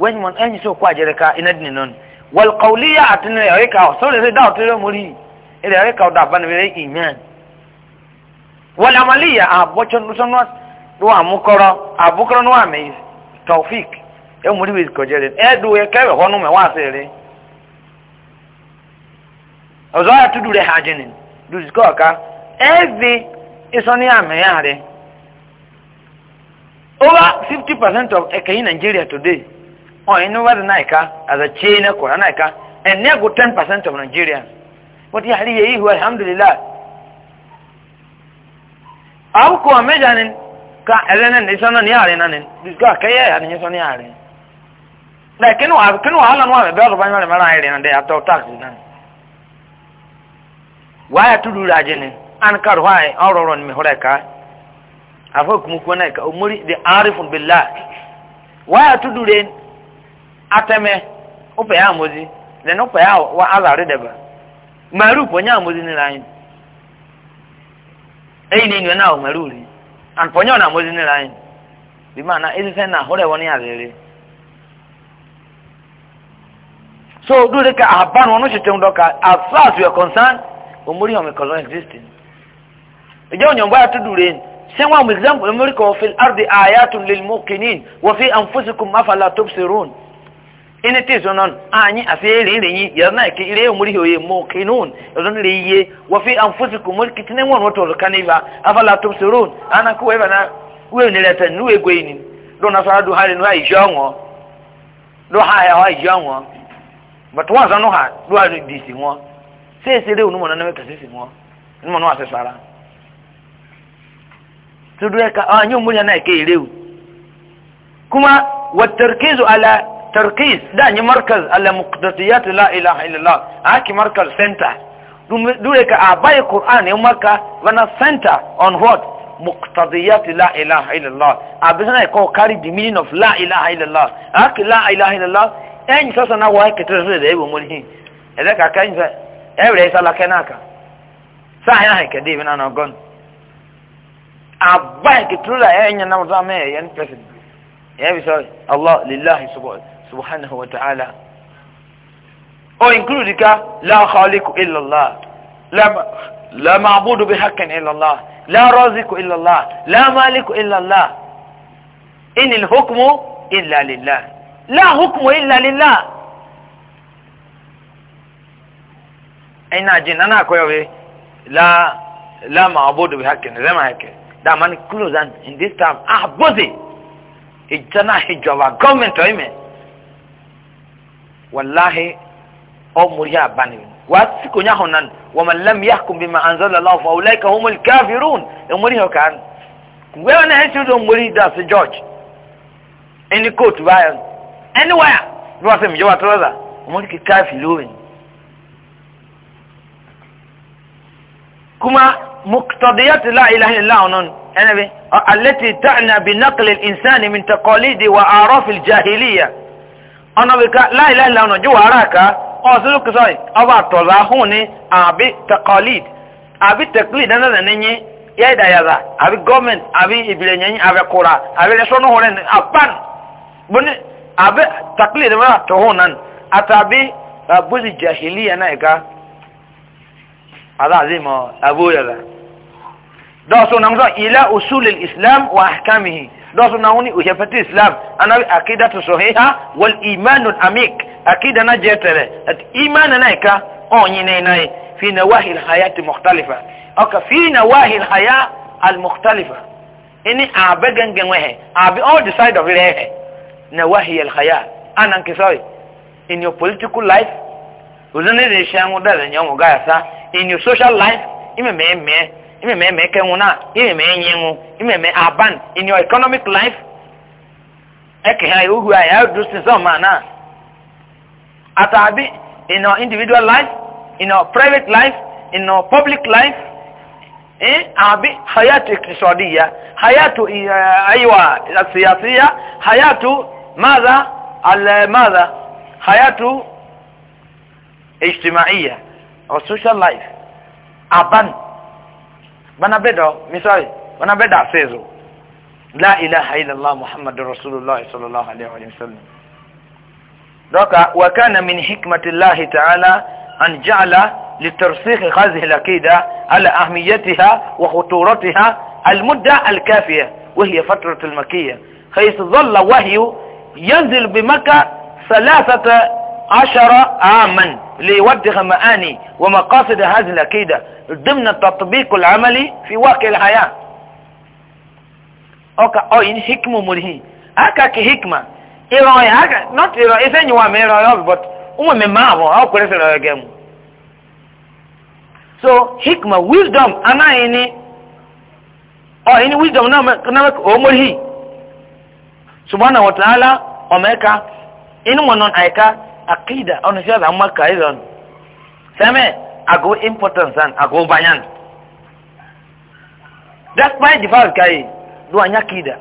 Speaker 1: wẹ́n mọ̀ ẹ́yìn sí òkú àjẹrẹ́ka iná dì nínú ni wọ́lùkọ̀ọ́lìyà àti ní ẹ̀ríkà sọ́rọ̀ eré dáwọ̀ tó rẹ̀ mórí eré ẹ̀ríkà ọ̀dà àbánirẹ̀ ìyẹn wọ́lùmọ̀lìyà àbọ̀tsọ́nùsọ́nù wà múkọ́rọ́ àbúkọ́rọ́ ní wà mẹ́yì taofik ẹ̀ mórí wíìsì kọjá rẹ̀ ẹ̀ dùn ẹ̀ kẹ́rẹ̀ họ́nù mẹ́ wá sí rẹ̀ ọ̀zọ́ yà tudu rẹ̀ hajj ni dùsùkọ́ ọ̀ka ẹ̀ vi ìsọ́ni àmẹ́yà rẹ̀ over fifty percent of ẹ̀kẹ́yìn e, nàìjíríà today Oh, in over Naika, as a China, Koranaika, and near good 10% of Nigerians. But yeah, he who alhamdulillah. Abu ko mejanin ka elenen ni sono ni are nanin. Diska ka ye ani ni sono ni are. Da kinu a kinu halan wa be ro banyo mara are nan de after tax nan. Waya tudu rajinin an kar wai auroron mi ka Afo kuma ko na ka umuri de arifun billah. Waya tudu ren ateme ụpa ya amụzi then ụpa ya wa azarị deba maru ụpa onye amụzi nile anyị eyi na enyo na ahụ maru uri and ponye ọ na amụzi nile anyị bi ma na ezise na ahụrụ ewe ya rere so dole ka aban wọn ṣètò ńdọ ka as far as we are concerned omori ọmọ ìkọlọ existing ìjọ ònyìnbó ayé tó dùrè ní sẹ́wọ̀n àwọn example omori kọ̀ fi ardi ayatun lil mokinin wọ́n ina te zonon anyi asiri irinyi yarna ke ire muri hoye muqinun zon riye wa fi anfusikum mulkitne won wato kaniva afala tubsirun ana kuwe bana we ne leta nuwe gweini do na sara du hali nuwa ijongo do ha ya ha ijongo but wa zanu ha do ha disi ngo se se de unumo na na ka se se ngo unumo no ase sara tudu ka anyo muri na ke ire kuma wa tarkizu ala tarkis da ni markaz ala muqtadiyat la ilaha illallah aki markaz center dure ka abai qur'an ya marka wana center on what muqtadiyat la ilaha illallah abisana ko carry the meaning of la ilaha illallah aki la ilaha illallah en sasa na wa ke tere da ibo mulhi ele ka kan sa ebre sala kenaka sa ina ke di bina no gon abai ke tura en na mo za me en president ya bi so allah lillahi subhanahu subhanahu wa ta'ala o include ka la khaliqu illa allah la la ma'budu bihaqqin illa allah la raziqu illa allah la maliku illa allah in al hukmu illa lillah la hukmu illa lillah ina jin ana koyowe la la ma'budu bihaqqin zama yake da man close and in this time ah bozi ijana hijaba government oimen wallahi o muriya bani wa siko nya honan wa man lam yahkum bima anzala Allah fa ulaika humul kafirun e muri ho kan ngwe na he chudo muri da se george any court bayo anywhere you are saying you are trouser muri ki kafirun kuma muqtadiyat la ilaha illa onun anabi allati ta'na bi naql al insani min taqalidi wa a'raf al jahiliyah ọ̀nà wíká láìláìlá ọ̀nà jù wàhálà ká ọ̀sùn kìsọ̀ ọba àtọ̀lá hùn ní àbí tẹkọlid àbí tẹkọlid dáná nìyí yẹ ìdàyàdà àbí gọọmenti àbí ìbílẹ̀ yẹn àbí kura àbí lẹ́sọ̀nù hùn ní àpán bóni àbí tẹkọlid mẹ́ta tó hùn náà àtàbí àbúzi jahiliya náà ẹ̀ka aláàzí mọ́ dɔɔso na musa ila usulil islam wa ahkamihi dɔɔso na wuni uhefati islam ana bi akida tu sohiha wal imanu amik akida na jɛtɛrɛ ati imanu na ika ɔn yi na ina ye fi na wahil haya ti mɔkutalifa ɔka fi na wahil haya al mɔkutalifa ini a bɛ gɛngɛn wɛhɛ a bi all the side of it ɛhɛ na wahil haya ana nkisɔ in your political life ozani de sɛŋu dɛrɛ nyɛ ŋu gaasa in your social life ime mɛmɛ imeme meke nwuna imeme enye nwu imeme aban in your economic life eke ha ihu a ya do sin so mana atabi in your individual life in your private life in your public life eh abi hayatu iktisadiya hayatu eh, aywa siyasiya hayatu madha al madha hayatu ijtimaiya or social life aban banabedo misali banabeda sezo la ilaha illallah muhammadur rasulullah sallallahu alaihi wasallam doka wa kana min hikmatillahi ta'ala an ja'ala litarsikh hadhihi al-aqida ala ahmiyatiha wa khuturatiha al-mudda al-kafiya wa hiya fatratu al-makkiyah حيث ظل وحي ينزل بمكة ثلاثة عشر عاما ليوضح معاني ومقاصد هذه الأكيدة ضمن التطبيق العملي في واقع الحياة أوكا أو إن حكمة مره أكا كحكمة إيراني أكا not إيراني إذن يوام إيراني but أمم من معه أو كريس إيراني جيم so حكمة wisdom أنا إني أو إني wisdom نامك نامك أمره سبحانه وتعالى أمريكا إنه ونون أيكا akida ọ̀nà oh, ṣe ọ̀dà mmaka ìlọ́n Seme, ago importance and ago banyan that's why the fact kai do anya akida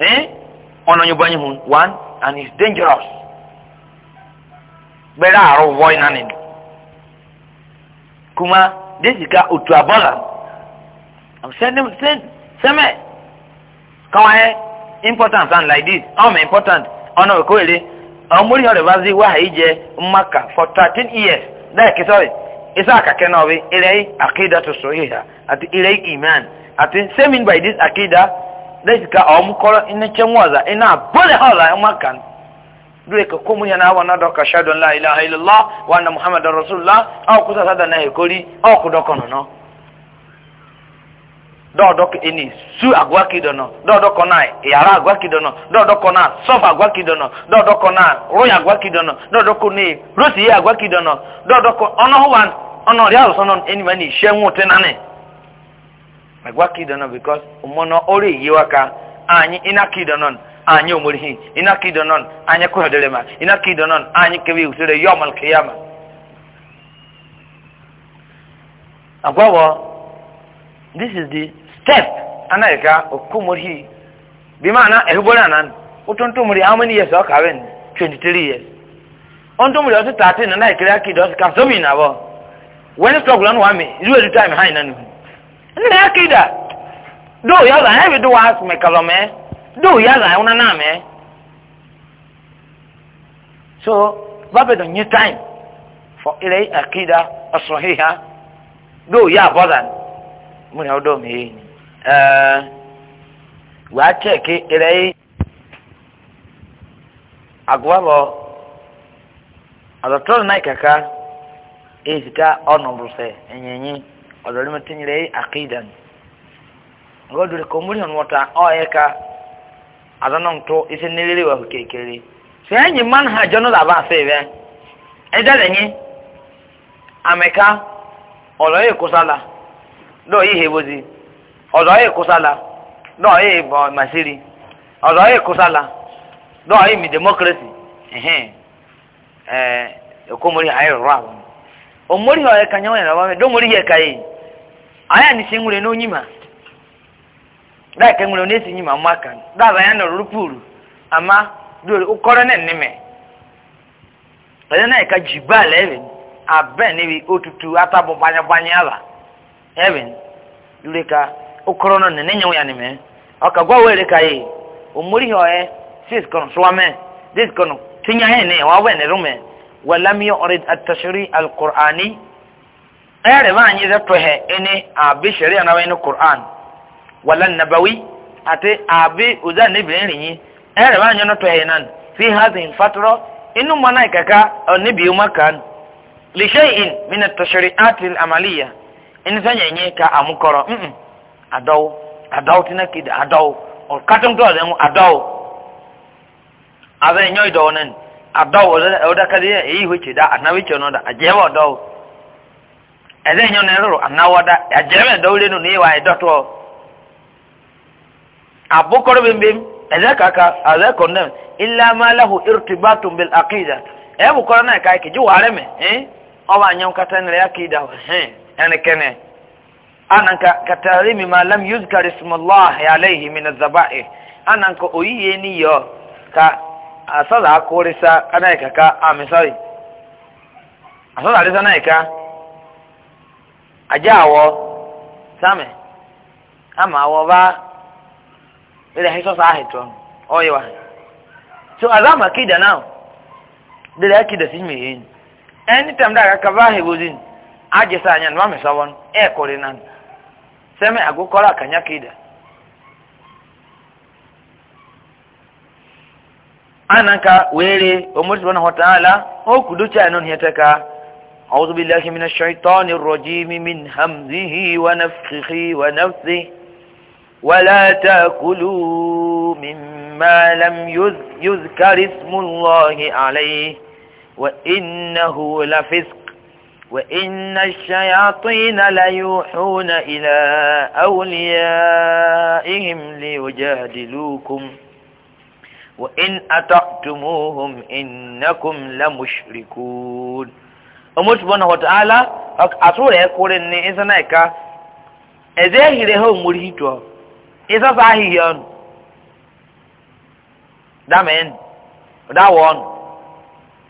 Speaker 1: eh ọ̀nà yóò banyan hun one and it's dangerous bẹ́ẹ̀ àrò wọ́ọ̀ nani kuma desika otu abọ́là sẹ́mẹ̀ kọ́wáyé importance and like this ọ̀mọ̀ important ọ̀nà òkú èrè. àwọn múrí ọ̀rẹ́ bá sí wáhàí jẹ mmaka for thirteen years dáìkì sọ́rì isa àkàkẹ́ náà wí ilẹ̀ àkídà tó sọ yìí àti ilẹ̀ iman àti sẹ́mìn by this àkídà lẹ́sìkà ọ̀mú kọ́rọ́ iná kyẹ́ mú ọ̀zà iná àbọ̀lẹ̀ ọ̀zà mmaka dúró ẹ̀kọ́ kó múnyàn náà wọn náà dọ̀ka ṣáàdùn láìláhàílá wọn na muhammadu rasulillah ọ̀kú sàṣàdàn náà ẹ̀kọ́ rí ọ̀kú dọ́kọ̀ nù náà. dɔɔdɔ ɛni su agwa kidono dɔnɔ dɔɔdɔ kɔnɔ yara agua ki dɔnɔ dɔɔdɔ kɔnɔ sɔf agua ki dɔnɔ dɔɔdɔ kɔnɔ roya agua ki dɔnɔ dɔɔdɔ kɔnɔ rosi ye agua ki dɔnɔ dɔɔdɔ kɔ ɔnɔho wa ɔnɔ ri alo sɔnɔ ɛni ma ni iṣẹ ŋu ti nani agua ki dɔnɔ because mɔnɔ ɔre yi wa ka anyi ina ki dɔnɔ anyi omorihi ina ki dɔnɔ anyi kɔyɔdere ma ina ki dɔnɔ anyi kebe usere yɔmal kiyama agua wɔ this is the step ana ika okumuri
Speaker 2: bi mana ehubora
Speaker 1: nan utuntumuri how many years oka wen 23 years ontumuri otu 13 na ikiri aki do ka so mi na bo when struggle no wami iru edu time high nanu na akida do ya la heavy do ask me kalome do ya la una na me so babe don new time for ile akida asahiha do ya bodan mun ya do me wàá chẹ́ẹ̀kì rẹ̀ yìí agwabọ azọtọrọ náà kàkà èsìká ọ̀nàbùsẹ̀ ẹ̀yẹ̀yìn ọ̀dọ̀rìmọ̀tìyìn rẹ̀ yìí àkìdàn ngọdùrì kòmúrìhàn wọ́ta ọ̀ẹ́ka azọ́nàmtò isi nírírí wà kékeré sẹ́yìn manhajọ́ náà làbá àfẹ́ rẹ̀ ẹ̀dá lẹ́yìn àmẹ́ká ọ̀lọ́yẹ̀ kọ́sálà lọ́ọ̀ yìí hẹ́bọ́sí. ọ̀rọ̀ ayé kúsàlà náà ayé ìbọn màṣírí ọ̀rọ̀ ayé kúsàlà náà ayé mi democracy ẹ̀ ẹ̀kọ́ mori ayé rọ̀ àwọn omori hɔ ɛka nyɛ wɔn yɛn wɔn dɔn mori nwere n'onyima daa ka nwere n'esi nyima mu aka daa ya puuru ama otutu okoro no ne ne nyewe ya ne me aka gwa wele kai umuri ho e sis kon swame dis kon tinya he ne wa we ne rume walam yurid at-tashri' al-qur'ani ayare e ba anyi zato he ene abi sharia na wani qur'an walan nabawi ate abi uzan ne bin rinyi ayare e ba anyi no to he nan fi hadhihi al inu mana kaka ne biyu makan li shay'in min at-tashri'at al-amaliyah in ka amukoro mm, -mm adaw adaw tina kidi adaw or katum to adaw adaw abe nyoy do nen adaw oda kadi e huchi da anawi chono da ajewa adaw ede nyo ne ro anawa da ajewa do le no ni wa e doto abukoro bimbim ede kaka ade kondem illa ma lahu irtibatun bil aqida e bukoro na kai ki ju wareme eh o ba nyam katan re akida eh ene kene ananka katarimi ma lam yuzkar ismullahi alayhi min az-zaba'ih ananka oyiye ni yo ka asala akorisa anaika ka amisari ah, asala risa anaika ajawo same ama awo ba ile hiso sahito oyewa so azama kida now dele akida simi yin anytime da ka kabahe bozin ajesa anyan ma mesawon e korinan sɛmɛ agokɔrɔ akanya keda ananka were omori subhanahu wa ta'ala o kudu cha non heteka a'udhu billahi minash shaitanir rajim min hamzihi wa nafthihi wa nafthihi ولا تاكلوا مما لم يذكر اسم الله عليه وانه لفسق وإن الشياطين ليوحون إلى أوليائهم ليجادلوكم وإن أطعتموهم إنكم لمشركون أمور سبحانه وتعالى أصور يقول إن إنسان إكا إذا هيره مريتو إذا صحيحيان دامين داوان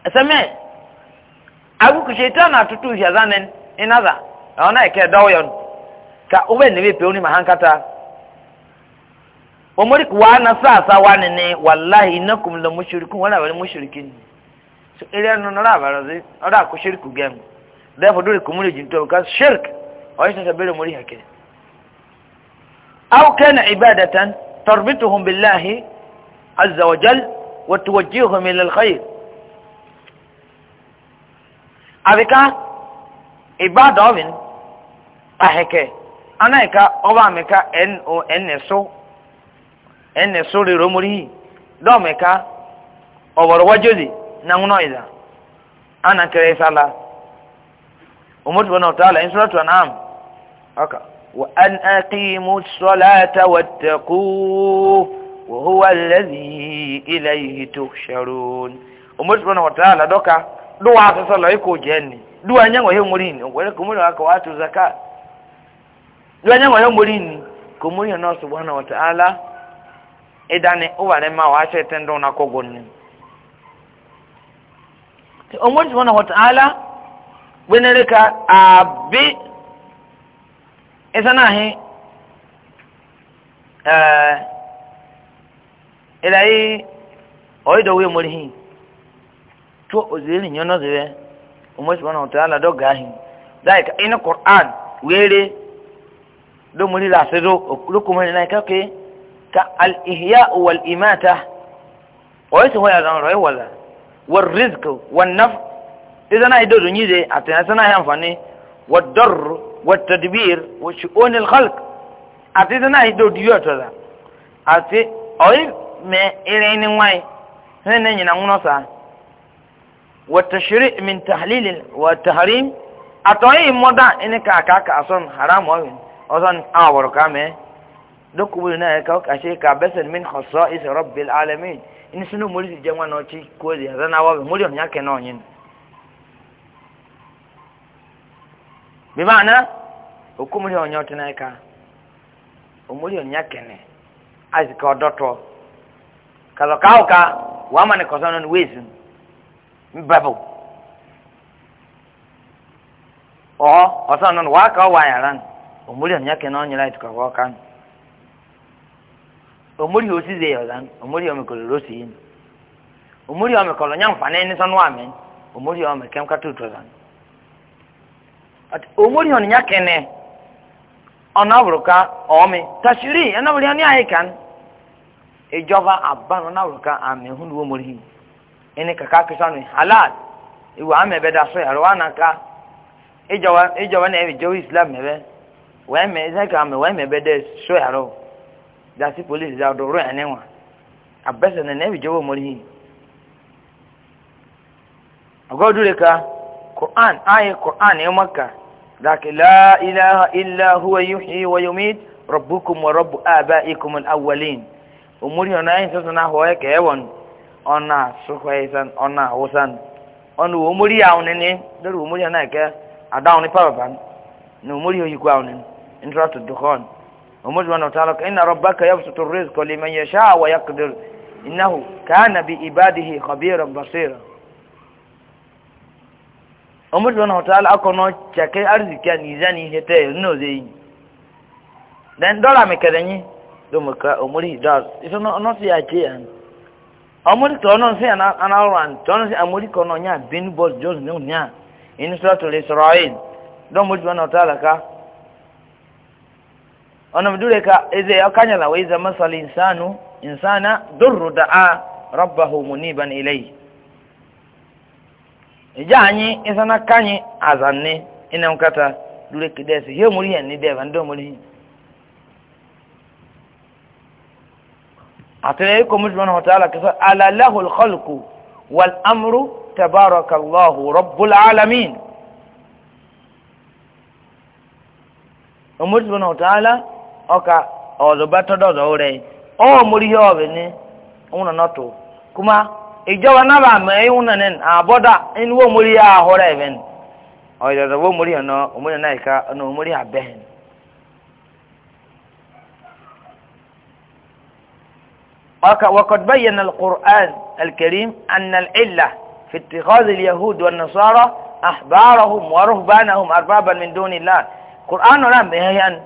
Speaker 1: أسمع aguku shaitan atutu hia zanen inaza ona ike dawyon ka uwe ne be peoni mahankata omori kuwa na sasa wani ne wallahi innakum la mushrikun wala wal mushrikin so ere no na rabara zi oda ku shirku gem therefore dole kumuri jinto ka shirk oyisa sabere mori hake au kana ibadatan tarbituhum billahi azza wa jal wa tuwajjihum ila alkhair abika ibadovin aheke anaika ọba amika no nso nso rero muri dọmika ọbọrọ wajoli na nwụnọ ịda ana kere sala umutu bana ta'ala in suratu an'am haka wa an aqimu as-salata wattaqu wa huwa alladhi ilayhi tuhsharun umutu duwa sasa la iko jenni duwa nyango he murini ngwere kumuri wako watu zakat
Speaker 2: duwa nyango he murini
Speaker 1: kumuri na subhanahu wa ta'ala idane uware ma wa she tendo na kogonni umuri subhanahu wa ta'ala wenereka abi isana he eh ilahi oido we murini to ozeli nyono zebe umwe subhanahu wa ta'ala do gahi daika ina qur'an were do muri la sedo lokuma na ka ke ka al ihya wal imata wa yasu hoya zan roi wala war rizq wan naf idan ai do dunyi de atana sana ya amfani wad dar wat tadbir wa shu'un al khalq atana ai do diyo to da ati oi me ire ni nwai ne ne nyina ngunosa والتشريع من تحليل والتحريم أتوي مدى إنك أكاك أصلا حرام وين أصلا أعور كامي دوك بلنا يكوك أشيك كابس من خصائص رب العالمين إن سنو مريد جمع نوتي كوزي هذا نوابي مليون يكي نوين بمعنى hukumu hiyo nyote naika umulio nyakene azika كلو kalokauka wamane kosonon wizun babau oho ọsọ nọ wa ka ọwa yara omori ọnya osize ya nya mfa na enisan wa men omori omekem kata otu ọzan omori ọnya ke ne ọna bụrụ ka ọmị tashiri ọna ya ni ahịkan ijọba aban ọna bụrụ ka amị ini kaka kisa ni halal iwa ame bɛ da so yaro ana ka ijawa ijawa na ebi jowo islam mɛ wɛn mɛ ɛsɛ ka mɛ wɛn mɛ bɛ da so yaro dasi polisi da do ro ɛnɛ wa abɛsɛ na ebi jowo mori hi agodu de ka quran aye quran yɛ maka daki la ilaha illa huwa yuhyi wa yumit rabbukum wa rabbu abaikum al awwalin umuri ona yin sasa na hoye ke ewon ona sukwe san ona wosan onu omuri awon ni doru omuri na ke adawon ni papa ni omuri oyiku awon ni intro to dukhon omuri wana taala ka inna rabbaka yabsutu rizqa liman yasha wa yaqdir innahu kana bi ibadihi khabiran basira omuri wana taala akono chake arziki ni zani hete no zeyi then dola mekedenyi do maka omuri does isono no si ache yani ọmọdékọ náà sí anáwòrán tí wọn sí amọdékọ náà ní abẹnú bọọlù jọsùn ní òní à inú sọtò lè sọrọ ọyìn lọmọdékọ náà tá àlàká ọ̀nàmọdúrẹ ká ẹzẹ ọkànyàlà wọ ẹzẹ mọsálì ìsánú ìsánà dòrò dàá rọba homo ní ìbánu ilẹ yìí ìjà anyi ìsánà kányi àzànni ìnàmkàtà dúró kéde ẹsẹ yóò múrí àtẹ̀lẹ́ ikọ̀ mùsùlùmí ọ̀tá alákẹ́sọ́ alalẹ́hùl kọlùkù wal amru tabarakallahu rabbul alamin mùsùlùmí ọ̀tá alá ọkà ọ̀dọ̀bá tọ́dọ̀dọ̀ rẹ̀ ọ̀ mọ̀ríhẹ́ ọ̀bẹ̀ ni ọ̀hún nà tó kuma ìjọba náà bá mẹ́ ẹ̀hún nà àbọ̀dà ẹni wọ́n mọ̀ríhẹ́ àhọ́rẹ́ ẹ̀bẹ̀ ni ọ̀dọ̀dọ̀ وقد بين القرآن الكريم أن العلة في اتخاذ اليهود والنصارى أحبارهم ورهبانهم أربابا من دون الله القرآن لا بهيان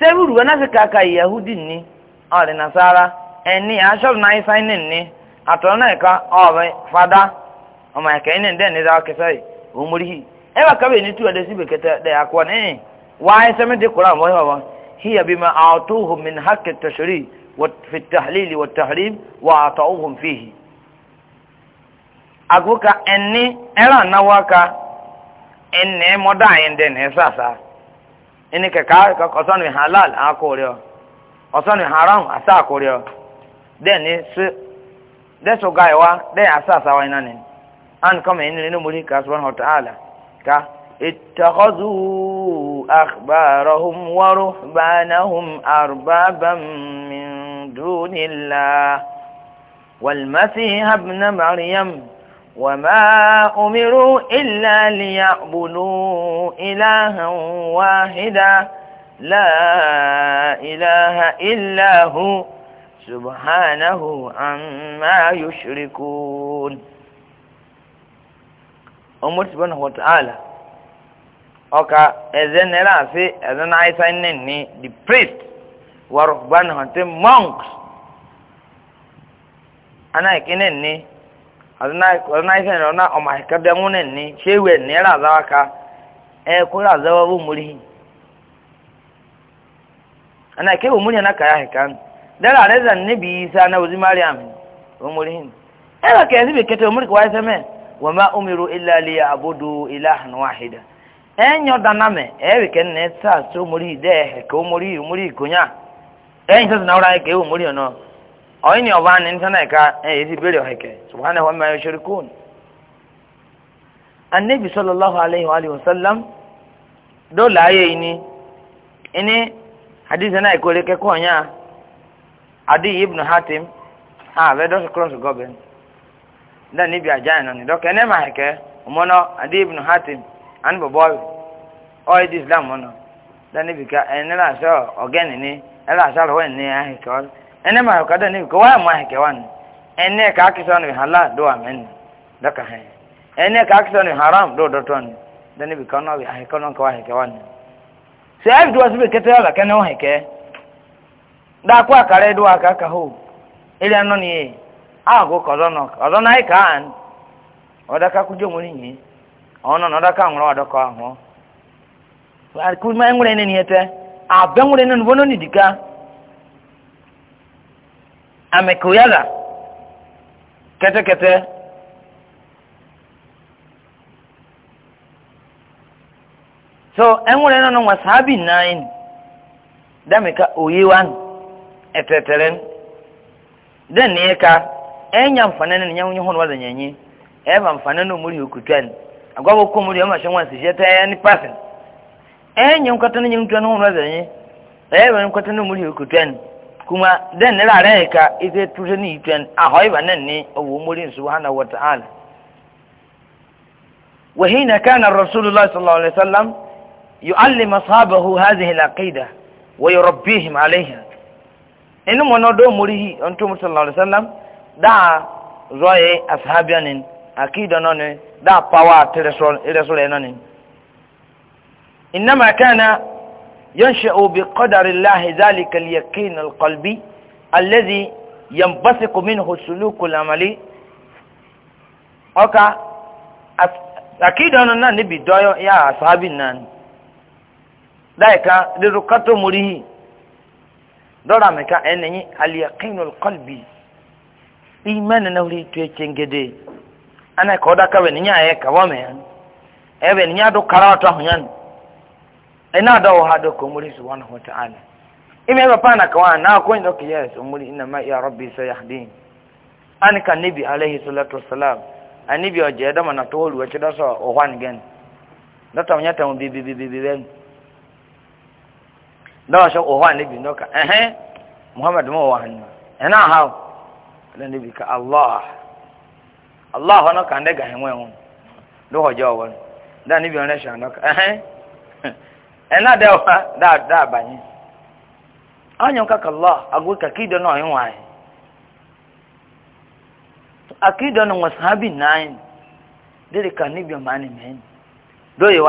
Speaker 1: سبب ونفكا كي ني أو النصارى أني أشعر ما ني أتونا إكا أو فادا وما يكاين دين إذا كساي ومريه إبا كبير نتوى دسيب كتا دي أكوان إيه واي سمتي قرآن وهي هي بما أعطوه من حق التشريح في التحليل والتحريم وعطاؤهم فيه agoka ẹni ẹran nawaka ẹni mọdà ayẹndẹ ní ẹsàsà ẹni kẹkà ọsànù halal akọrẹ ọ ọsànù haram asakọrẹ ọ dẹni sẹ dẹsọ gáyẹ wa dẹ asàsà wa iná ni àn kọmọ ẹni nínú múlí ká sọfọn ọtá àlà ká ìtàkọ́zù àkbàrọ̀hùn wọ́rùn bánahùn دون الله والمسيح ابن مريم وما أمروا إلا ليعبدوا إلها واحدا لا إله إلا هو سبحانه عما يشركون أمور سبحانه وتعالى أوكا إذن رأسي إذن عيسى إنني the priest wa ruhbanahu te monks ana ikine ni azna azna ise na o mai ka de ngune ni shewe ni ra za ka e ku ra za wa muri ana ke umuri na kaya hikan dara reza nabi isa na uzi maryam umuri hin e ba ke zibi kete umuri kwa iseme wa ma umiru illa liya'budu ilahan wahida enyo daname ewe ken ne sa so muri de he ko muri muri ẹyin sọsọ náà wúra yẹ kẹ ewu múri ọ̀nà ọ̀yin ni ọba ni nítorí náà ẹ̀ka ẹ̀ yẹ ti bèrè ọ̀hẹ̀kẹ́ subahana wa ma yọṣẹ́rì kún. anabi sallallahu alayhi wa alayhi wa sallam dóòlà ayé yìí ni ẹni hadith náà ẹ̀kọ́ rẹ̀ kẹ́kọ̀ọ́ adi ibn hatim ha ah, bẹ dọ́sọ̀ cross gọ́bẹ̀n dá níbi àjá yẹn nọ́ni dọ́kẹ́ ẹ̀ máa ẹ̀kẹ́ ọmọnà adi ibn hatim àni bọ̀bọ̀ ọ̀ ẹ̀ di islam mọ́nà dá níbi ká ẹ̀ nílà sọ ọ̀gẹ́ni ni. ɛla asaro wɛn ne ahike ɔl ɛnɛ ma ahike ɔdɔ ne ko ahike wani ɛnɛ ka akisɛ ɔni halal do amɛn dɔka ɛnɛ ka akisɛ ɔni haram do dɔtɔ ni ka ɔnɔ bi ahike ɔnɔ do da ni nɔ nyi ɔnɔ ŋlɔ ahɔ abẹ́wúrẹ́ nínú bọ́nà nìdíkà amẹ́kọ̀ọ́yàrá kẹ́tẹ́kẹ́tẹ́ so ẹ̀wúrẹ́ nínú wọn sábì náà dámìka òye wa ẹ̀tẹ̀tẹ̀rẹ́ dẹ́n ní ẹ̀ka ẹ̀yà mfànà ní ẹ̀yà wọn wọ́n lọ́dọ̀ na yẹn ẹ̀yà ní òmùrì òkùtù ẹ̀ agbábọ̀ kọ́ òmùrì ọmọ àṣẹ wọn pàṣẹ. enye nkwata na nyimtwa no no zanye ewe nkwata no muri okutwen kuma den ne rare ka ise tuje ni twen a hoy banen ne owo muri subhanahu wa ta'ala wa hina kana rasulullah sallallahu alaihi wasallam yuallim ashabahu hadhihi alaqida wa yurabbihim alaiha inu mono do muri hi onto sallallahu alaihi wasallam da zoye ashabianin akida nonin da power teresol iresol enonin إنما كان ينشأ بقدر الله ذلك اليقين القلبي الذي ينبثق منه السلوك العملي أوكا أكيد أننا نبي دويو يا أصحابي نان دايكا لركاتو مريه دورا مكا أنني اليقين القلبي إيمان نولي تويتشنجدي أنا كودا كوي نيا إيكا ومي أبي نيا دو كراتا هنان ina da wa hada ko muri subhanahu wata'ala ime ba pana kawa na ko ndo ke yes muri inna ma ya rabbi sayahdin an ka nabi alaihi salatu wassalam anibi oje da mana to holu wace da so o hwan gen da ta nyata mu bi bi bi bi ben da so o hwan nabi ndoka eh, eh muhammad mu wa hanna ina eh, ha da nabi ka allah allah hono kan daga hinwe do hojo won da nabi on resha ndoka eh, eh. ɛna dɛ ɔfa daa daa banye Anyị kaka lɔ agbo kaki dɔ n'ɔyɛ wɔn aki dɔ no wɔsan ka ne bi ɔman ne mɛn do yi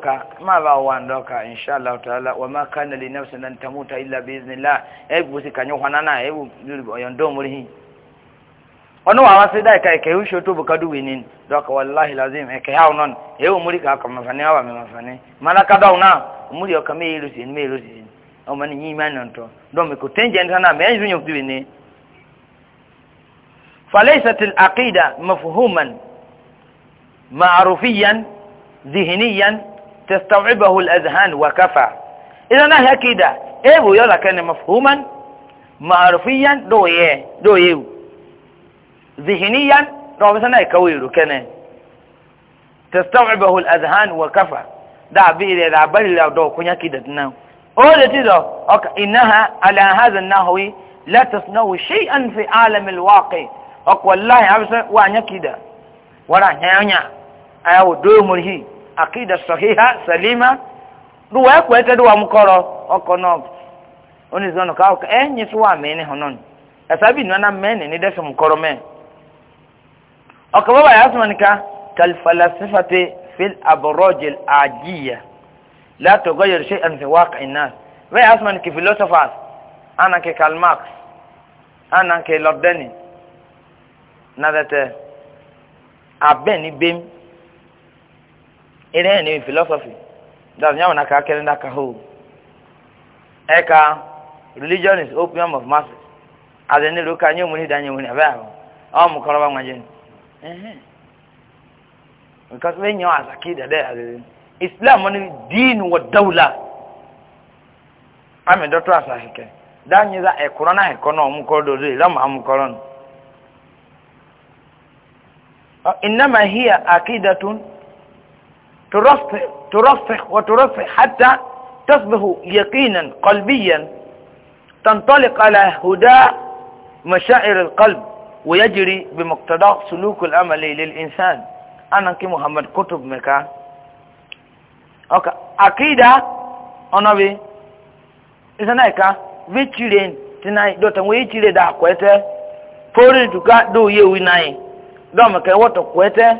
Speaker 1: ka ma ba wɔ ndọka inshallah taala wɔn ma ka na le ta illa bi izni la ɛgu si ka nye ono wa wasi da kai kai usho to buka duwe nin doka wallahi lazim he kai hawo non he umuri ka ka mafani awa me mafani malaka da una umuri o kame iru sin me iru sin o mani nyi man non to do me ko tenje ndana me yanzu nyo duwe ne falaysat al aqida mafhuman ma'rufiyan dhihniyan tastaw'ibahu al ذهنياً لو بس أنا يكويرو كنا تستوعبه الأذهان وكفى دع بيه دع بلي لو دو كنيا كده تنام أولا إنها على هذا النحو لا تصنع شيئا في عالم الواقع أك والله عبسا وانيا كده ورا نيانيا أو دو مرهي أكيد صحيحة سليمة لو ekwe etedu wa mukoro oko nog oni zono ka ok enyi suwa mene honon asabi nwana mene ni ọkọ̀ bọ́bá yà sọ̀rọ̀ nìkan kàlfàlàsífàtẹ́ fil àbọ̀rọ̀jẹ̀ àjíyà látọ̀gọ́ yẹ̀rọ ṣe ẹ̀ǹfẹ̀ wákà iná bẹ́ẹ̀ yà sọ̀rọ̀ nìkan philosophers anake karl marx anake lord denin nadẹ́tẹ̀ abẹ́ni bẹ́m ẹ̀rẹ́ ẹ̀ ní philosophy dàbí yàwọn naka kẹrin naka hó ẹ̀ka religion is opium of masses àti ẹni lóka nyé omi ní ìdá nyé omi ní abẹ́ àwọn ọmọ kọ́ra wa wọn jẹ́ ni. nǹkan tó yẹn wà sàkídà dẹ́ àrẹ islam ni diinu wa dawla ami dɔtɔ asahikɛ danyi za ɛkorɔ na ɛkɔ na ɔmo kɔrɔ dodo ɛlɛ ɔmo amo kɔrɔ no ɔ nnama hiya akidatun turɔfɛ turɔfɛ wa turɔfɛ hata tasbihu yaqinan qalbiyan tantɔli kala huda mashaɛri qalb ويجري بمقتضى سلوك العمل للإنسان أنا كي محمد كتب مكا أوكا أكيدا أنا بي إذا نايكا بيتشيرين تناي دوتا ويتشيرين دا كويتة فورين تكا دو يوي ناي دو مكا واتو كويتة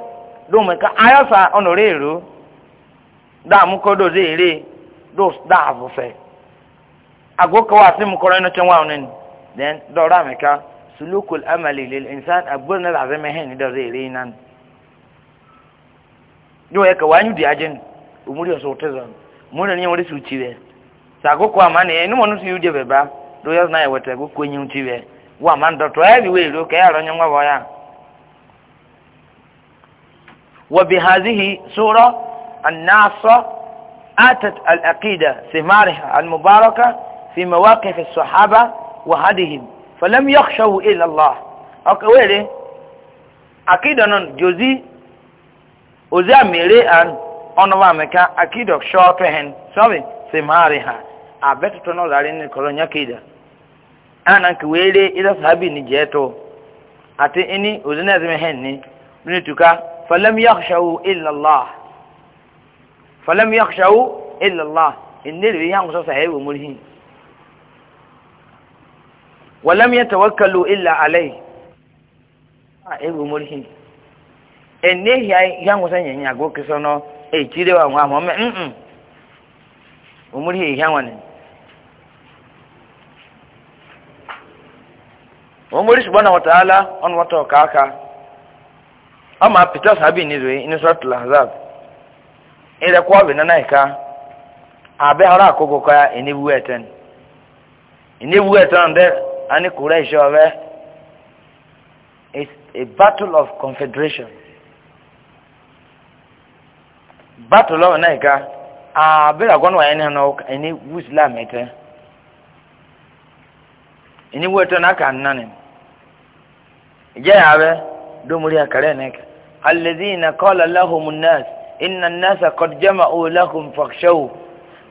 Speaker 1: دو مكا آياسا أنا ريرو دا مكو دو زي ري دو دا أفوفي أقوكا واسي مكورينو تنواونين then دورا مكا sulukul amali lil insan agbon na zabe mehen da zai rai nan yo ya kawanyu di ajin umuri so tezan mona ni wori suci be sago kwa mane enu monu su yuje be ba do ya na ya wata go kwenyi unti be wa man do to ebi we ro ka ya ro nyamwa boya wa bi hadhihi sura an-nasa atat al-aqida simarha al-mubaraka fi mawaqif as-sahaba wa hadihim falam yakhshaw illa Allah akawere akidanon jozi ozi amere an ono ba meka akidok short hen sobi simari ha abeto to no zari ni koronya kida ana kwere ila sahabi ni jeto ati ini ozina zime hen ni ni tuka falam yakhshaw illa Allah falam yakhshaw walam ya tawakkalu illa alai a ah, ego mulhi ene ya ya ngusa nyanya go kisono e tire wa ngwa mo mm umuri ya wane umuri na wa on wato kaka ama pita sabi ni zwe ni suratul ahzab ere kwa bi nana ika abe eten eten and Quraysh ọ̀rẹ́ it's a battle of confederation battle ọ̀rọ̀ náà ìka àbẹ̀rẹ̀ àgọ́nù wà ẹni hànà ẹni wú islam ẹ̀tẹ́ ẹni wú ẹ̀tẹ́ náà kà ń nánì ìjẹ́ ààrẹ dómúrí àkàrẹ́ ẹ̀nẹ́kẹ́ alẹ́dínà kọ́lá láhùmù náà ìnà náà sàkọ́jẹ́mà ó láhùmù fàkṣẹ́wò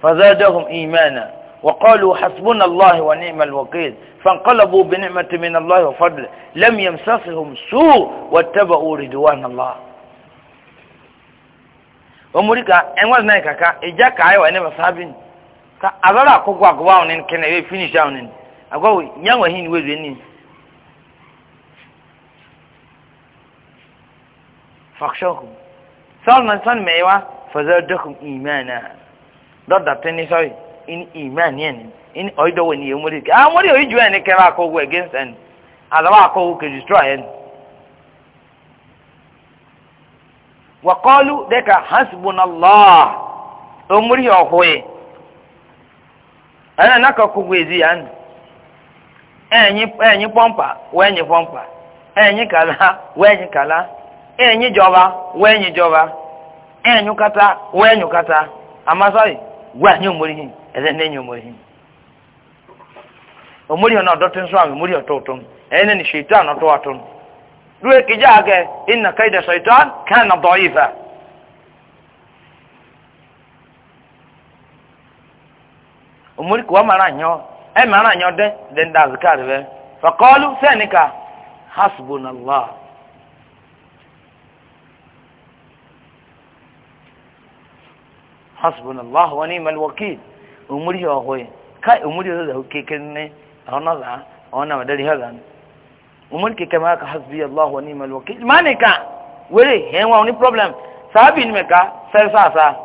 Speaker 1: fàzọ́dọ̀hùmù ìmẹ́ẹ̀nà. وقالوا حسبنا الله ونعم الوكيل فانقلبوا بنعمة من الله وفضل لم يمسخهم سوء واتبعوا رضوان الله ومريكا انواز نايكا كا اجاكا ايوا انما صابين كا ازالا كوكوا كواونين كنا يوي فينيش داونين اقوى يانوا هين ويزوينين فاخشوكم صال من صان ميوا فزادكم ايمانا ضد التنسوي in iman yen in oido woni yomori ka amori oijo en ke ba ko against and ala ba ko ke destroy en wa qalu deka hasbunallah omori ohoye ana naka ko gwezi yan enyi enyi pompa we enyi pompa enyi kala we enyi kala enyi joba we enyi joba enyi kata we enyi kata ama gwa nye omori hin ɛdɛ ne nye omori hin omori hɔ na ɔdɔ to nso ami omori hɔ to to mu ɛyɛ ne ne shaitan ɔto ato mu lóye kejì àgɛ ina kaida shaitan kan na dɔ yi fa. omori kò wà mara nyɔ ɛ mara nyɔ dɛ dɛ nda azikari bɛ fakɔlu sɛnika hasbunallah. hasbunallahu wa ni'mal wakil umuri wa hoye kai umuri da hukke kinne ona la ona da ri hazan umuri ke kama ka hasbi allah wa ni'mal wakil mane ka were he wa ni problem sabi ni meka sai sa sa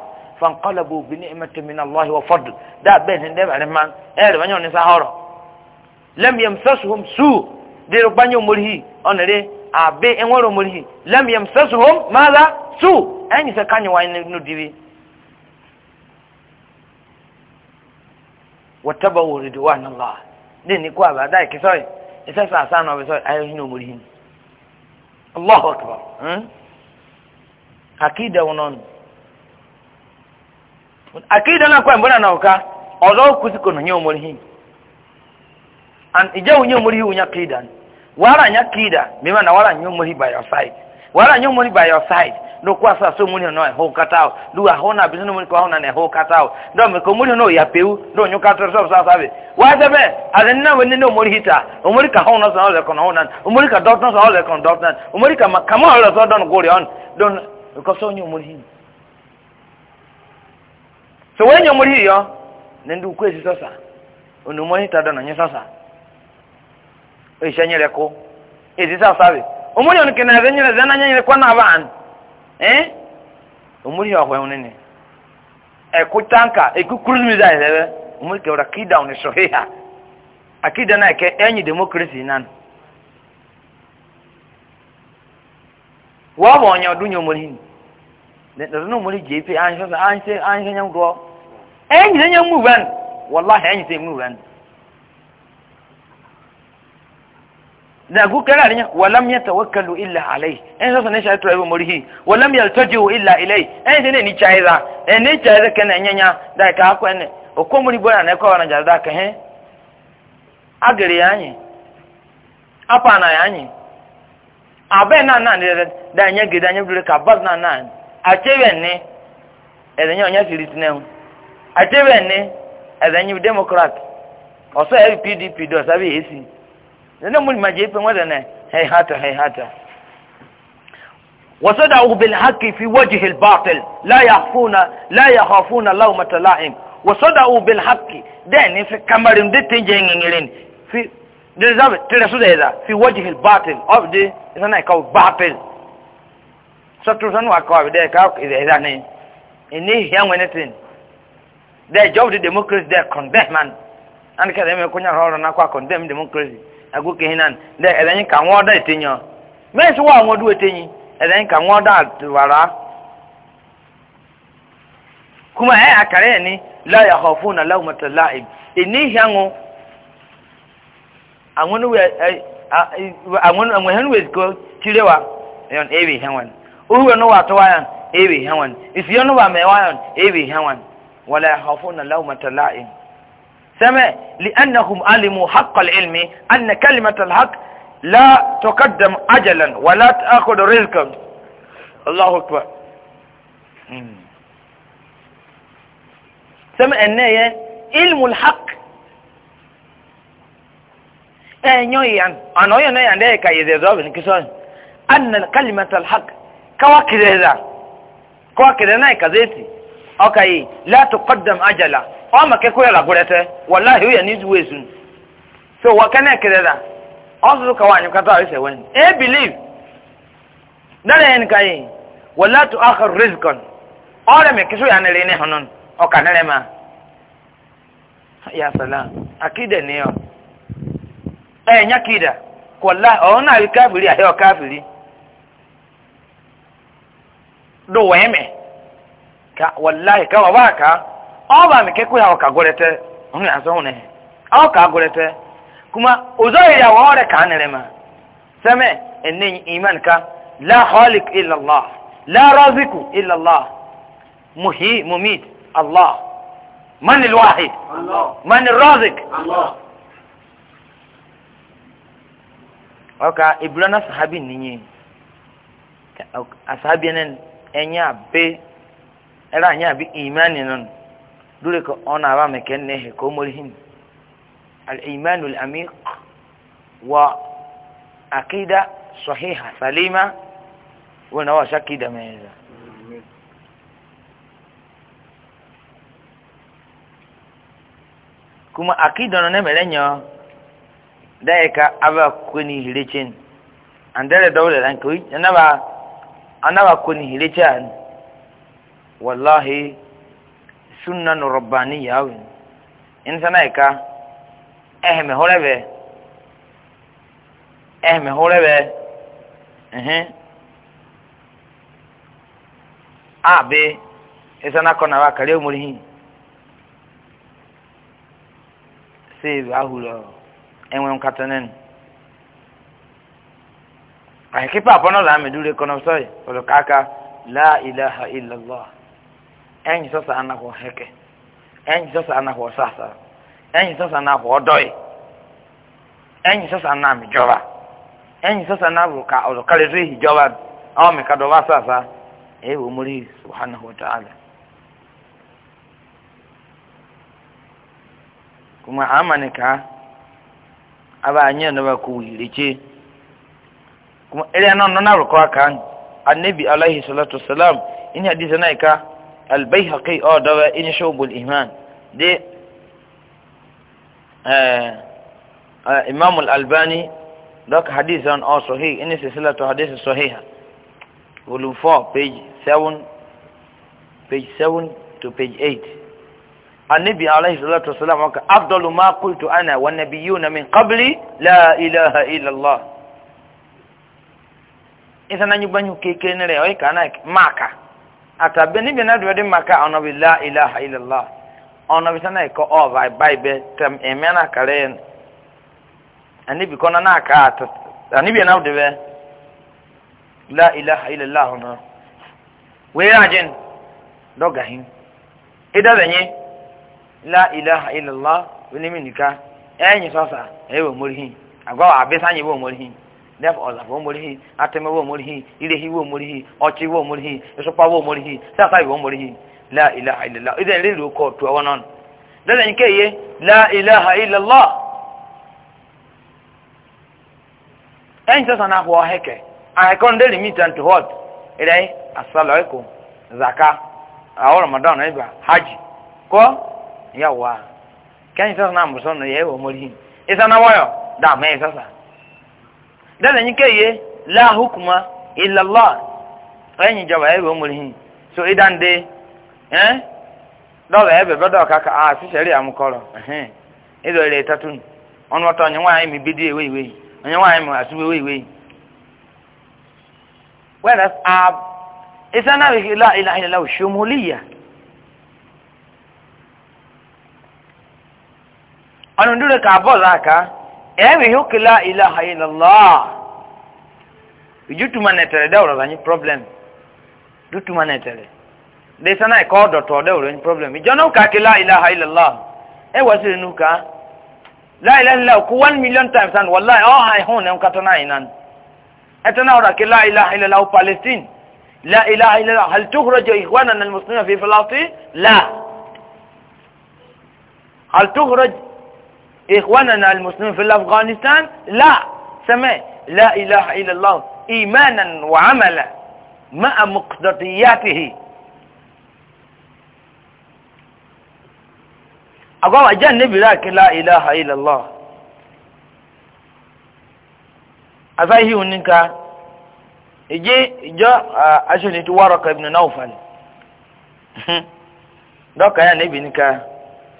Speaker 1: fanqalabu bi ni'mati min allah wa fadl da ben hinde bare man ere eh, banyo ni sahoro lam yamsasuhum su de banyo murhi onere abe enworo murhi lam yamsasuhum madha su enyi se kanyi wa ni nudiri watabawo ridwan allah de ni ko aba dai ke soy isa sa sa no be soy ayo hinu muri hin Allah akbar hmm akida wonon akida na kwa mbona na oka odo kusiko no nyo muri hin an ije unyo muri hin unya kidan wala nya kida mema na wala nyo muri by your side wala nyo muri by your side do kwa sa so munyo no e ho katao do a ho na bizinu munyo ko ho na ne ho katao do me ko munyo no ya peu do nyu katao so sa sabe wa de be ade na we no mori hita o mori ka ho no so le kon ho na o mori ka dot so le kon dot o mori ka makamo ho so don go on don ko so nyu muri hin so we nyu yo ne ndu kwezi sasa onu mori hita do na nyu sasa e shenyere ko e di sasa be o mori on kenare nyere zana nyere kwa na ban eh umuri wa kwa nene e kutanka e ebe ile umuri ke ora kida on sohiha akida na ke enyi democracy nan wa bo nya dunyo umuri ni ne no umuri jepe an so an se an se nyam do enyi nyam mu ban wallahi enyi se mu ban da ku kana rinya walam yatawakkalu illa alai en so ne shay travel morihi walam yaltajiu illa ilai en ne ni chaiza en ni chaiza kana nyanya da ka ko ne o ko muri bora ne ko wana jarda ka he agere yanyi apa na yanyi abe na na ne da nya gida anya dure ka baz na na achebe ne edenye onya sirit ne achebe ne edenye democrat oso pdp do sabi esi ما mun ma jefe wadana hayhata hayhata وصدعوا بالحق في وجه الباطل لا يخفون لا يخافون لومة لائم وصدعوا بالحق دين في كمرم دي تنجين في دلزاب ترسو ده في وجه الباطل of the سنة كاو باطل سطر سنة كاو كاو إذا إذا نين إني هيان ونتين ده job the democracy they condemn man and كده يكون يا رورنا كوا condemn democracy agoke hinan de edanyi ka nwa ọda etenyo mesi wa nwa ọdụ etenyi edanyi ka nwa ọda atụwara kuma ẹ akara ya ni la ya hofu na la umata la'ib ini ihe anwụ anwụnụ we anwụnụ anwụhenu weziko tirewa yon ebi ihe nwan uwe wa atụwa ya ebi ihe nwan isi ya nụ wa mewa ya ebi ihe wala ya hofu na la سمع لأنهم علموا حق العلم أن كلمة الحق لا تقدم أجلا ولا تأخذ رزقا الله أكبر سمع النية علم الحق ذلك إيه إذا آه إيه أن كلمة الحق كواكذا كواكذا نايكا زيتي ọka yi láti kọ́dàm ọ ọmọ kẹ́kọ́ yàrá gbọ́dẹ́tẹ́ wàláhì òyà ní ìdúwé zun so wọ́n kẹ́ náà kẹ́rẹ́ dà ọ̀sùn kàwá ànyìn kátó àrísẹ̀ ẹ believe dára yẹn nìkan yìí wọ́n láti Ọrịa rizikọ̀n ọ̀rẹ́ mi kẹ́sọ́ yà nílẹ̀ ní hànán ma yà sàlá ni ọ ẹ náà rí káfìrí ka wallahi ka baba ka oba mi ke ko ya ka gorete onu ya so ne o ka gorete kuma uzo ya wore ka ne ma same enne iman ka la khaliq illa allah la raziku illa allah muhi mumit allah man alwahid allah man arrazik allah oka ibrana sahabi ninyi asahabi enen enya be era anya bi imani non dure ko ona ba me ken ne ko mulhin al iman al amiq wa aqida sahiha salima wa nawa shakida meza kuma aqida no ne melenyo daika aba kuni hilichin andere dawle ran ko anaba anaba kuni hilichan wallahi sunna no rabbani yawin insana ika eh me horebe eh me horebe eh mhm. abe isana kona wa kare murihi save ahulo enwe nkatanen ahikipa apono la medure kono soy olo kaka la ilaha illallah enyi sasa anahụ heke enyi sasa anahụ ọsasa enyi sasa anahụ ọdọị enyi sasa anahụ jọba enyi sasa anahụ ka ọzọkarịrị ehi jọba ọmị ka dọba sasa ewe omori subhanahu wa ta'ala kuma amani ka aba anya na ba ku kuma ire nan nan na rukawa kan annabi alaihi salatu salam in hadisi na ka البيهقي اه ده إن إيه شعب الإيمان دي آه آه إمام الألباني ذاك حديث عن اه صحيح إن سلسلة حديث صحيحة volume 4 page 7 page 7 to page 8 النبي عليه الصلاة والسلام قال أفضل ما قلت أنا والنبيون من قبلي لا إله إلا الله إذا نجبني كي كي نرى ويك أنا معك atabeni bi na dɔde maka ɔnɔ bi la ilaha illallah ɔnɔ bi sani kɔ ɔba bai bɛ tɛm ɛmɛ e na kare yɛn ani bi kɔnɔ na ka ata ani bi na de bɛ la ilaha illallah ɔnɔ wei ajin dɔ gahin ida e bɛ la ilaha illallah wini mi nika ɛnyi sɔsa ɛyɛ wɔ abisa nyi e wɔ mori def ọ̀zà fún omorihi atẹ́mẹ́wọ́ omorihi iléhiwọ́ omorihi ọchíwọ́ omorihi ìsọpáwọ́ omorihi sáfàìwọ́ omorihi láìláha ìlàlá ìdẹ̀ rí ìlú kọ̀ tó ọwọ́n náà lẹ́lẹ̀ ní kéye láìláha ìlàlá ẹ̀yìn sọ́sàn náà wọ ahẹ́kẹ́ ahẹ́kọ́ ń dẹ́rì mìtàn tó hot ìrẹ́ asàlọ́ẹ̀kọ́ zaka àwọn ramadan ẹ̀bà hajj kọ́ ìyàwó a kẹ́yìn sọ́sàn náà mùsọ̀nù yẹ ìwọ̀ omorihi ìsanáwọ́yọ̀ dààmú dana nyi ke ye la hukuma illa allah ayin jaba ebe omurihin so idan de eh dọla ebe bẹdọ kaka a ah, sisẹri amukọrọ ẹhìn ẹdọ ilẹ tatun ọnu ọtọ ọnyẹ nwaanyị mi bidi ewe iwe ọnyẹ nwaanyị mi asube ewe iwe wẹrẹ a isana la ilaha illa shumuliya ọnu ndúró ka bọọlù aka. ẹ̀rì yókè la ilaha illallah ìjútùmọ̀ nẹ̀tẹ̀rẹ̀ dẹ́ ọ̀rọ̀ lànà problem dútùmọ̀ nẹ̀tẹ̀rẹ̀ lẹ́sẹ̀ náà ẹ̀kọ́ ọ̀dọ̀tọ̀ dẹ́ ọ̀rọ̀ ní problem ìjọ náà kàkè la ilaha illallah ẹ̀ wá sí inú ká la ilaha illallah one million times and wàllá ọ̀ hàn ẹ̀hún ẹ̀ ń kàtọ́ náà iná ẹ̀tẹ̀ náà ọ̀rọ̀ kè la ilaha illallah palestine la ilaha illallah hal tuhrajọ ìhwánà nà muslimin fi falastin la hal tuhrajọ إخواننا المسلمين في أفغانستان لا سمع لا إله إلا الله إيمانا وعملا مع مقتضياته أقول أجل نبي لا إله إلا الله أفايه أنك إجي جاء آه، أشهد ورقة ابن نوفل دوك يا نبي نكا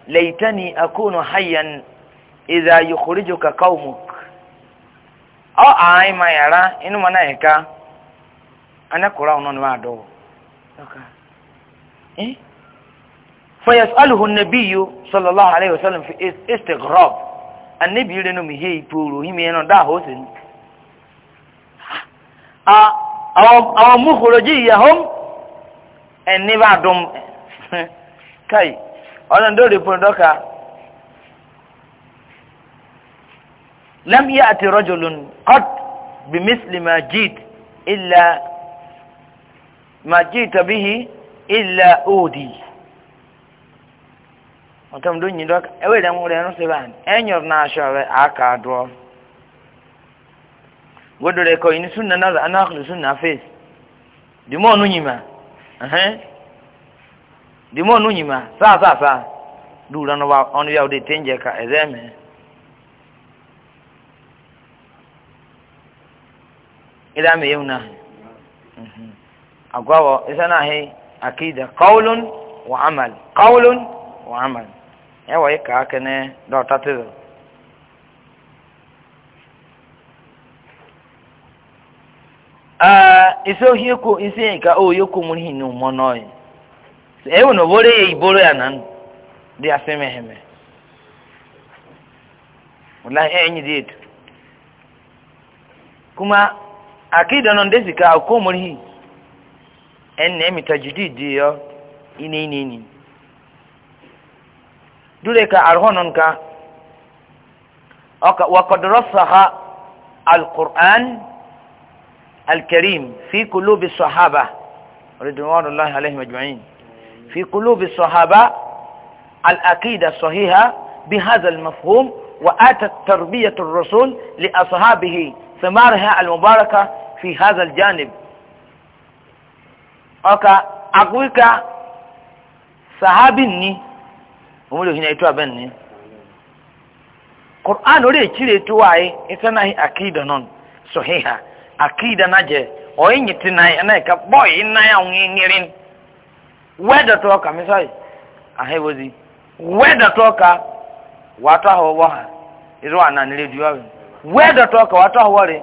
Speaker 1: ليتني أكون حيا idha yukhrijuka qaumuk ọ ai ma yara inu mana eka ana kura ono ni ma do doka eh fa yasaluhu an-nabiy sallallahu alaihi wasallam fi istighrab annabi renu mi he iporo himi eno da ho sin a awon mukhroji yahum en ni ba dum kai ona ndo report لم يأتي رجل قط بمثل ما جيت إلا ما جيت به إلا أودي ọtọm do nyi dọka ewe dẹ nwere ẹnu sebe an ẹnyọr na ahyọ ọrẹ aka adọ godo rẹ kọ yìí sunna náà anáhùn sunna face dìmọ ọnu nyima dìmọ ọnu nyima sáà sáà sáà dùwúrọ ọnu yà ọdẹ tẹ́njẹ ká ẹ̀dẹ́ mẹ́rin. ila mai agwa agwawo isa na hai akida qaulun wa amal qaulun wa amal yawa yi ka aka ne da wata tizo ah, iso hiku isi ka o yoku mun hinu monoi ewu no bore iboro ya ụlọ e enyi kuma akida no desi ka akomori hi enne mi tajdidi yo ini ini ini dure ka arhonon ka aka wa qad rasaha alquran alkarim fi qulubi sahaba radwanullahi alaihim ajma'in fi qulubi sahaba الأكيدة الصحيحة بهذا المفهوم وآتت تربية الرسول لأصحابه ثمارها المباركة في هذا الجانب أكا أقويك sahabinni òun lòhìn ẹ̀tọ́ abẹ́ni Qur'an orí èkyíre tó wáyé ìtẹ́nà àkídà náà sọ̀híhà àkídà náà jẹ ọ̀yìn yìí ti náà ẹ̀ náà ẹ̀ka bọ́ọ̀yì náà àwọn ìnyirin wẹ́ẹ̀dà tó ọkà mísàyì àhẹ́wọ́dì wẹ́ẹ̀dà tó ọkà wàá tó àhọ́wọ́ ha ìrọ̀ àná nílé dùwárì wẹ́ẹ̀dà tó ọkà wàá tó àhọ́wọ́ rẹ̀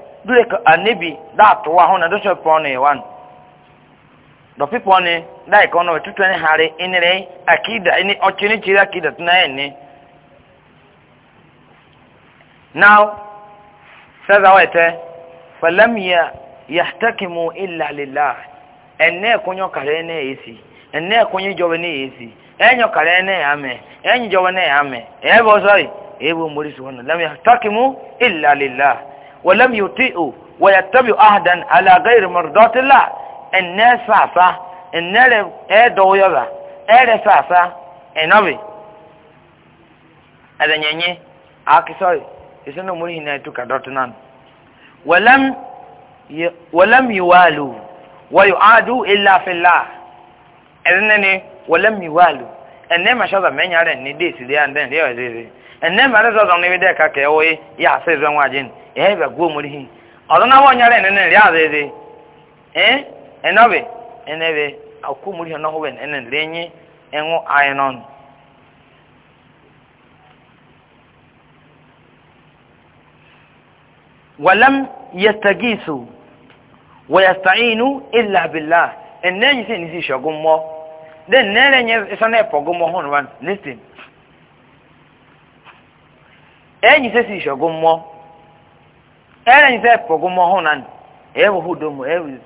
Speaker 1: dole ka anibi da tuwa hona do so pone wan do pi pone da e ko no tutu ne hare inire akida ini ochini chira akida tunaye ni now says awete falam ya yahtakimu illa lillah enne kunyo kare ne isi enne kunyo jobe ne isi enyo kare ne ame enyo jobe ne ame ebo sorry ebo muri suwana lam yahtakimu illa lillah ولم يطيعوا ويتبعوا أهدا على غير مرضات الله إن ساسا النار ايدو يلا ايدو إن أبي هذا نيني اكي سوري يسنو مري هنا يتوكا دوتنان ولم ي... ولم يوالوا ويعادوا إلا في الله إذنني ولم يوالوا إنما شذا من يعلن ندي سيدي أندن ليه وزيزي إنما رزا ظنبي ديكا كيوي يعصي زنواجين ehe ba gwo muri hi
Speaker 2: ọdọ na wọn nyere nene ri azeze
Speaker 1: eh enobe enebe akwu muri na hoben enen lenye enwo ayenon ولم يستغيثوا ويستعينوا الا بالله ان نجي نسي شغمو then nere nye sana epogomo hon wan listen enyi se si shogommo ɛrɛn sɛ fɔgumɔ hɔn na ɛwɔ e hɔ domo ɛwɔ e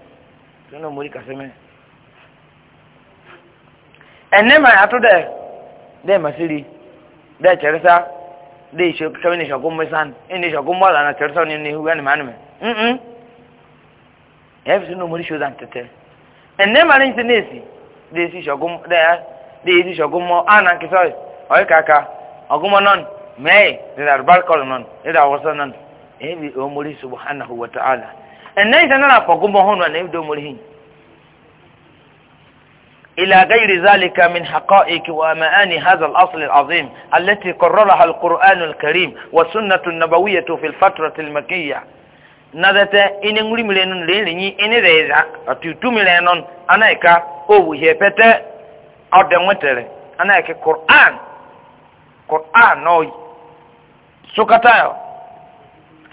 Speaker 1: sɛnɛ mori kasɛmɛ ɛnɛma ato dɛ dɛ masiri dɛ kyerɛsa dɛ isɛ kɛmɛ ne sɔgumɔ san ɛnɛ e sɔgumɔ la na kyerɛsa ne ne huwa ne ma anumɛ nnn ɛwɔ sɛnɛ mori sɔ dan tɛtɛ ɛnɛma ne sɛ ne esi dɛ esi sɔgumɔ dɛ dɛ esi sɔgumɔ ana kisɛ ɔyɛ kaka ɔgumɔ nɔn mɛɛ dɛ dɛ arubal kɔl nɔn dɛ dɛ awɔsɔ nɔn. ebi omori subhanahu wa ta'ala ẹnẹ ìsẹ náà àpọ̀gúnbọ̀ hàn wà níbi omori hìn إلى غير ذلك من حقائق ومعاني هذا الأصل العظيم التي قررها القرآن الكريم والسنة النبوية في الفترة المكية نذت إن نغري ملينون ليني إن ريزا أتيتو ملينون أنا إكا أو هيبت أو دمتر أنا إكا قرآن قرآن نوي سكتايو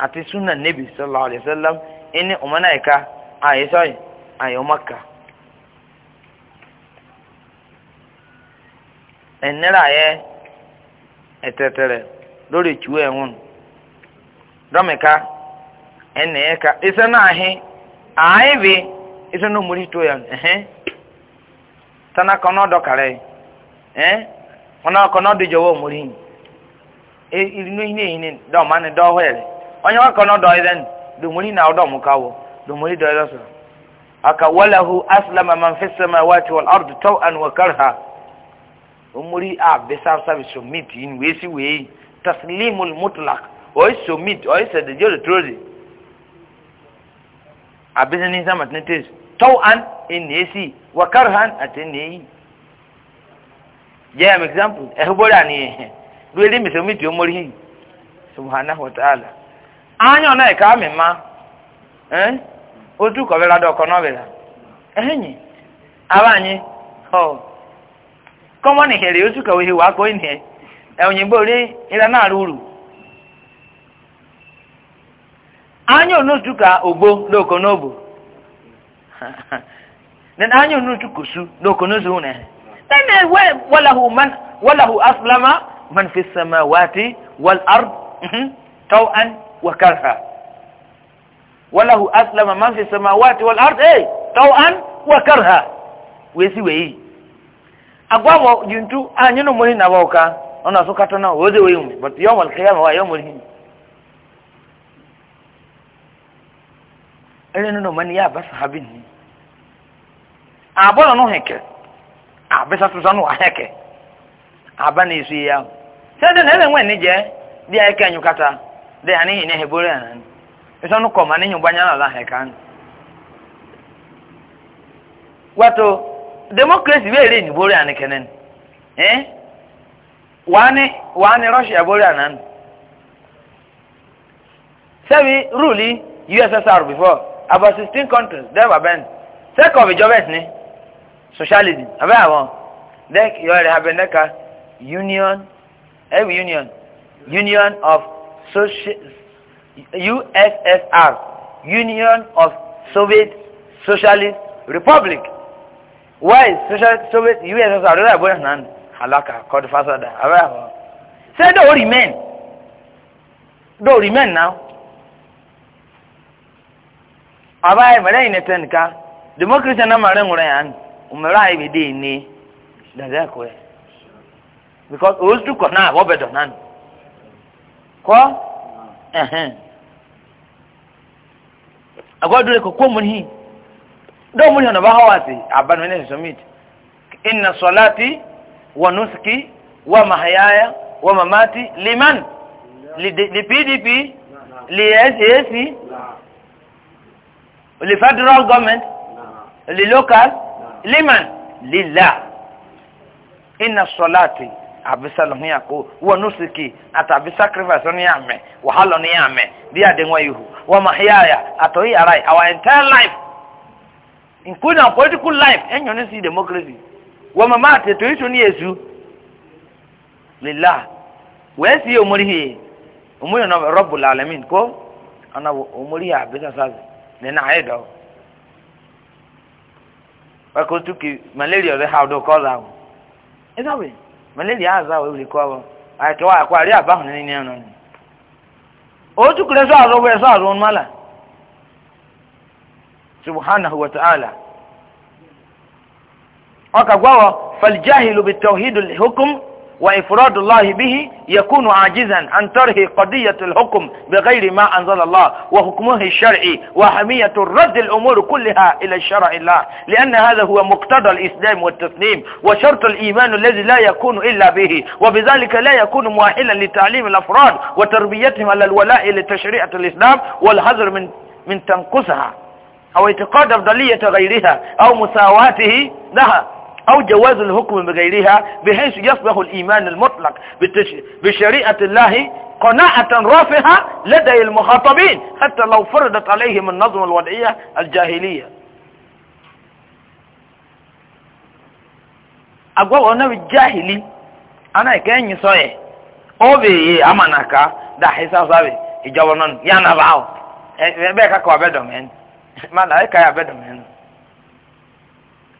Speaker 1: àti sunna nebi sallallahu alayhi wa sallam ẹni ọmọ náà ẹ̀ka àyè sọ́yìn àyè ọmọ kà. ẹ̀nẹ́rà yẹ ẹ̀tẹ̀tẹ̀rẹ̀ lórí ìtúwò ẹ̀wọ̀n dọ́mìka ẹ̀nà ẹ̀ka ẹ̀sẹ̀ náà hẹ́ ààyè bi ẹ̀sẹ̀ náà mórí tó yà ẹ̀hẹ́n tana kan náà dọ̀kàrẹ̀ ẹ̀ wọn náà kan náà dìjọ́ wọ̀ mórí yìí ìrìnnú yìí ní èyí ni dọ́ọ̀mánì dọ́ọ̀họ́ ẹ̀rẹ̀ onye nwoke na ọdọ iren na ọdọ mukawo dumuri da irin sọrọ aka walahu aslama man fi sama wati wal ardu tau an wa karha omori a besa sabi submit in wee si wee taslimul mutlaq oyi submit oyi sadaje da trode abisa ni sama tinitis tau an in e ne si wa karhan a ne yi yeah an example ehubora ni eh duwe di mi submit omori subhanahu wa ta'ala anya na ka mi ma eh otu ko bela do ko no bela ehnyi abanyi ho komo ni here otu ko we wa ko ni e onye gbori ira na ruru anya onotu ka ogbo loko nobo anya onotu kusu loko nozo ne nen we walahu man walahu aslama man fi wal ard mhm. taw'an وكرها وله أسلم من في السماوات والأرض إيه طوعا وكرها ويسي ويهي أقوام جنتو أن ينو مهين أبوكا أنا سكتنا وذي ويوم but يوم القيامة ويوم الهين إلينا نمان يا بس حبيني أبونا نوهيك أبسا تزانو أهيك أبانا يسي يا سيدنا هذا وين نجي دي أيكا نيو كتا de ani hine hebore anan eso no koma ne nyumba nyala la hekan wato democracy be re ni bore anan kenen eh wani wani russia bore anan sebi ruli ussr before about 16 countries there were ben sec of jobet ni socialism abe awon dek yo re haben deka union every union union of Soci USSR Union of Soviet Socialist Republic why Social Soviet USSR lórí àbúrò náà alaka kọ́dù fásádà abẹ́rẹ́ àwọn say don't remain don't remain now abáyé mẹ́rẹ́ yìí nẹ́tẹ́ nìka democracy náà mẹ́rẹ́ ńwúrẹ́ yàn mẹ́rẹ́ àyè mi dé ní dàdé ẹ̀kọ́ yẹ because òwúrọ̀ tún kọ̀ náà wọ́n bẹ̀ dọ̀ náà kọ́ ẹ̀hẹ́n agbádùn ẹ̀kọ́ kó mu ní dọ́wọ́ mu ní ọ̀nà bá hàwà sí àbánu ẹ̀nẹ́sì summit ìnà sọ̀láti wà nùsùkì wà màháyáyá wà liman li pdp li sac li federal government li local liman lila ìnà sọ̀láti. abisa lo hia ko wo no siki ata abisa sacrifice no ame, me wo halo no ya dia de nwa ihu wo mahyaya ato yi arai our entire life including our political life enyo no si democracy wo mama ate to isu ni yesu lillah we si omori hi omori no rabbul alamin ko ana omori ya abisa sazi ne na ayedo wa ko tuki malaria re how do cause out is that way malaria aza we uli kwabo ake wa kwa ri abaho ni ni ano o tukure so azo we so azo mala subhanahu wa ta'ala akagwawa faljahilu bitawhid alhukm وإفراد الله به يكون عاجزا عن طرح قضية الحكم بغير ما أنزل الله وحكمه الشرعي وحمية رد الأمور كلها إلى الشرع الله لأن هذا هو مقتضى الإسلام والتسليم وشرط الإيمان الذي لا يكون إلا به وبذلك لا يكون مؤهلا لتعليم الأفراد وتربيتهم على الولاء لتشريعة الإسلام والحذر من من تنقصها أو اعتقاد أفضلية غيرها أو مساواته لها أو جواز الحكم بغيرها بحيث يصبح الإيمان المطلق بشريعة الله قناعة رافعة لدى المخاطبين حتى لو فرضت عليهم النظم الوضعية الجاهلية أقول أنا jahili أنا ke enyi أو بي amanaka دا حساب sabe ijawonon ya na bawo ebe ka ko ما لا يكا يا ka ya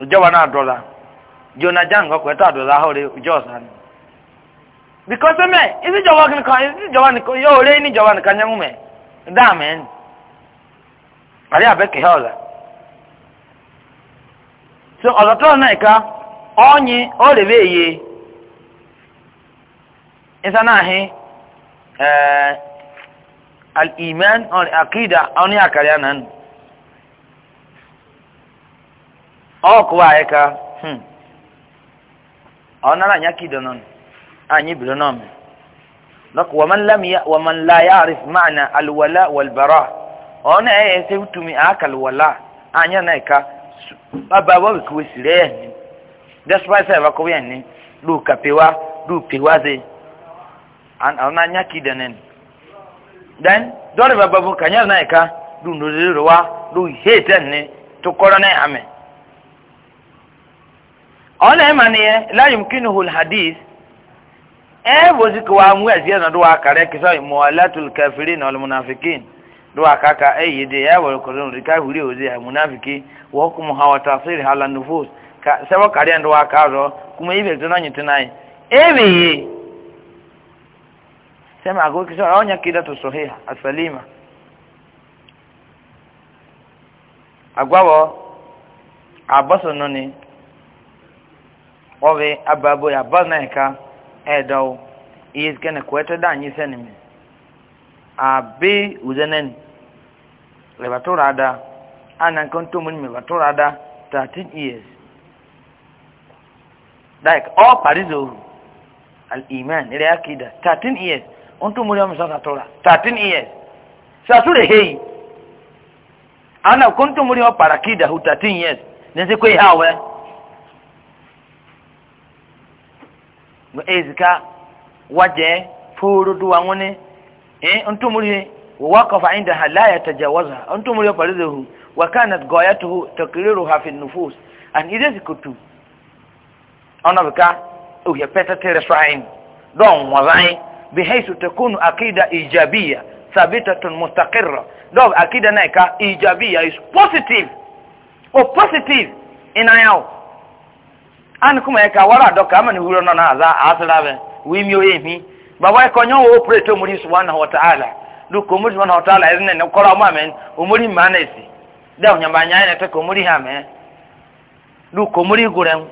Speaker 1: ujawa na adola jona janga ko ta adola hore ujosa ni because me isi jawa kan ka isi jawa ni ko yo re ni jawa ni kan yangu me da men ari abeke hola so ozoto na ka onyi o le veye isa na he eh al iman or aqida oni akarianan ọkụwa ayịka hmm. ọ nara anya kido nọ anyị biro nọ mi lọkụ waman lam ya waman la ya arif ma'ana alwala wal bara ọ na ya ese utumi aka alwala anya na ka baba wa ku sire ya ni despite say ba ko ya ni lu kapewa lu pewa ze an ọ na anya kido nen then dole baba bu kanya na ka lu no wa lu hate ne to corona amen ọla ịma na ya layim kinu hul hadis ee bozi kawa mu ezi na duwa kare kisa muwalatul kafirin wal munafikin duwa kaka eh yide ya wal kurun rika huri ozi ya munafiki wa hukumu hawa tasiri hala nufus ka sabo kare duwa karo kuma ibe tuna nyi tunai ebe ye sema ago kisa onya kida to sahiha asalima agwawo abosono ni ove ababo ya baznaika edo is kene kwete da anyi senimi abi uzenen le batorada anan kontu mun me batorada 13 years like all parizo al iman ile akida 13 years onto muri am sa tora 13 years sa sure hei ana kontu muri o parakida hu 13 years nese kwe hawe ezika waje furu duwa ngone eh antumuri waqafa indaha la yatajawazha antumuri farizahu wa kanat ghayatuhu taqriruha fi an-nufus an idazikutu ona bika uhya peta tere swain don wazai bihaythu takunu aqida ijabiyya thabitatun mustaqirra do aqida naika ijabiyya is positive o oh, positive in ayao an kuma ya ka wara doka amani huro no na za asira be wi mi oye mi baba e konyo wo pray to muri subhanahu wa ta'ala du ko muri subhanahu wa ta'ala irin ne kora ma men umuri mana isi da onya ba nya ne to ko muri ha me du ko muri guren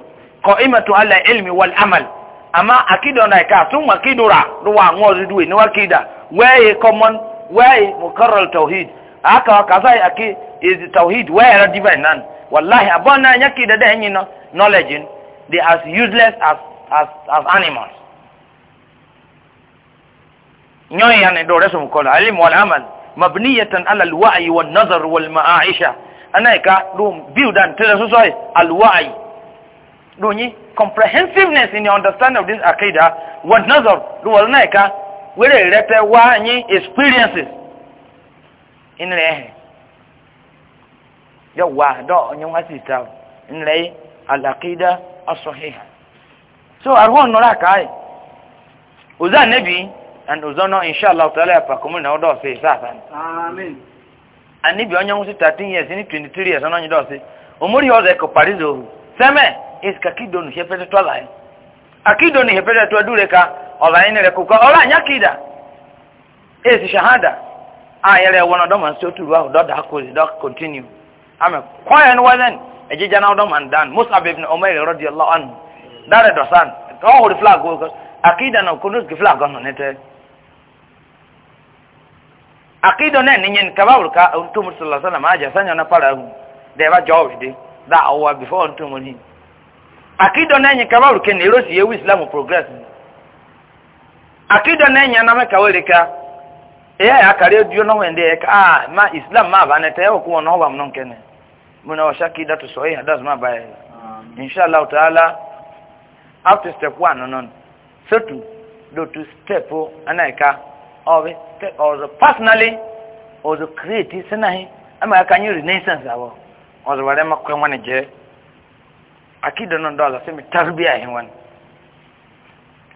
Speaker 1: ko imatu ala ilmi wal amal ama akido na ka tun wa kidura ruwa ngozi duwe ni wakida weye common weye mukarral tauhid aka wakazai aki is tauhid weye ra divine nan wallahi abona nyaki da da nyino knowledge they as useless as as as animals nyoy yani do resum ko alim wal amal mabniyatan ala al wa'i wan nazar wal ma'aisha anaika do build and tell us why al wa'i do ni comprehensiveness in your understanding of this akida wan nazar do wal naika were rete wa ni experiences in rehe yo wa do nyon asista in lay al aqida as-sahiha so arhon nora kai uza nabi and uza no inshallah taala pa komu na odo se sasa amen anibi onye nwusi 13 years ni 23 years onye do se omori o ze ko parizo seme is kakido ni hepete to lai akido ni hepete to dure ka ola ni re ko ola nyakida is shahada ayele wona do man so turu aho do da ko do continue amen kwa en wazen eji jana dom and dan musab ibn umair radiyallahu anhu dare do san to hori flag go akida na kunus ki flag on nete akido ne ni nyen kabawul ka untum sallallahu alaihi wasallam aja sanya na para hu de ba job de da awa before untum ni akido ne nyen kabawul ke ne rosi ye islam progress akido ne nyen na meka welika eya ya kare dio no wende ka ah ma islam ma ba nete okuwo no wa mnonkene muna wa shaki datu sahih hadas ma baya inshallah taala after step 1 no no so to do to step o oh, anaika of it or the personally or the create sanahi ama kan you renaissance awo or the wale makwe mwana je akida no dola se mi tarbiya hin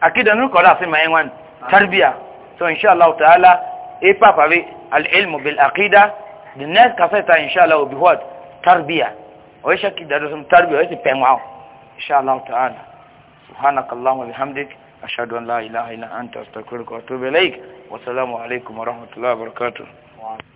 Speaker 1: akida no kola da se ma hin tarbiya so inshallah taala e papa bi al ilm bil aqida the next cassette inshallah will what تربية وإيش أكيد درسهم تربية وإيش بيمعوا إن شاء الله تعالى سبحانك اللهم وبحمدك أشهد أن لا إله إلا أنت أستغفرك وأتوب إليك والسلام عليكم ورحمة الله وبركاته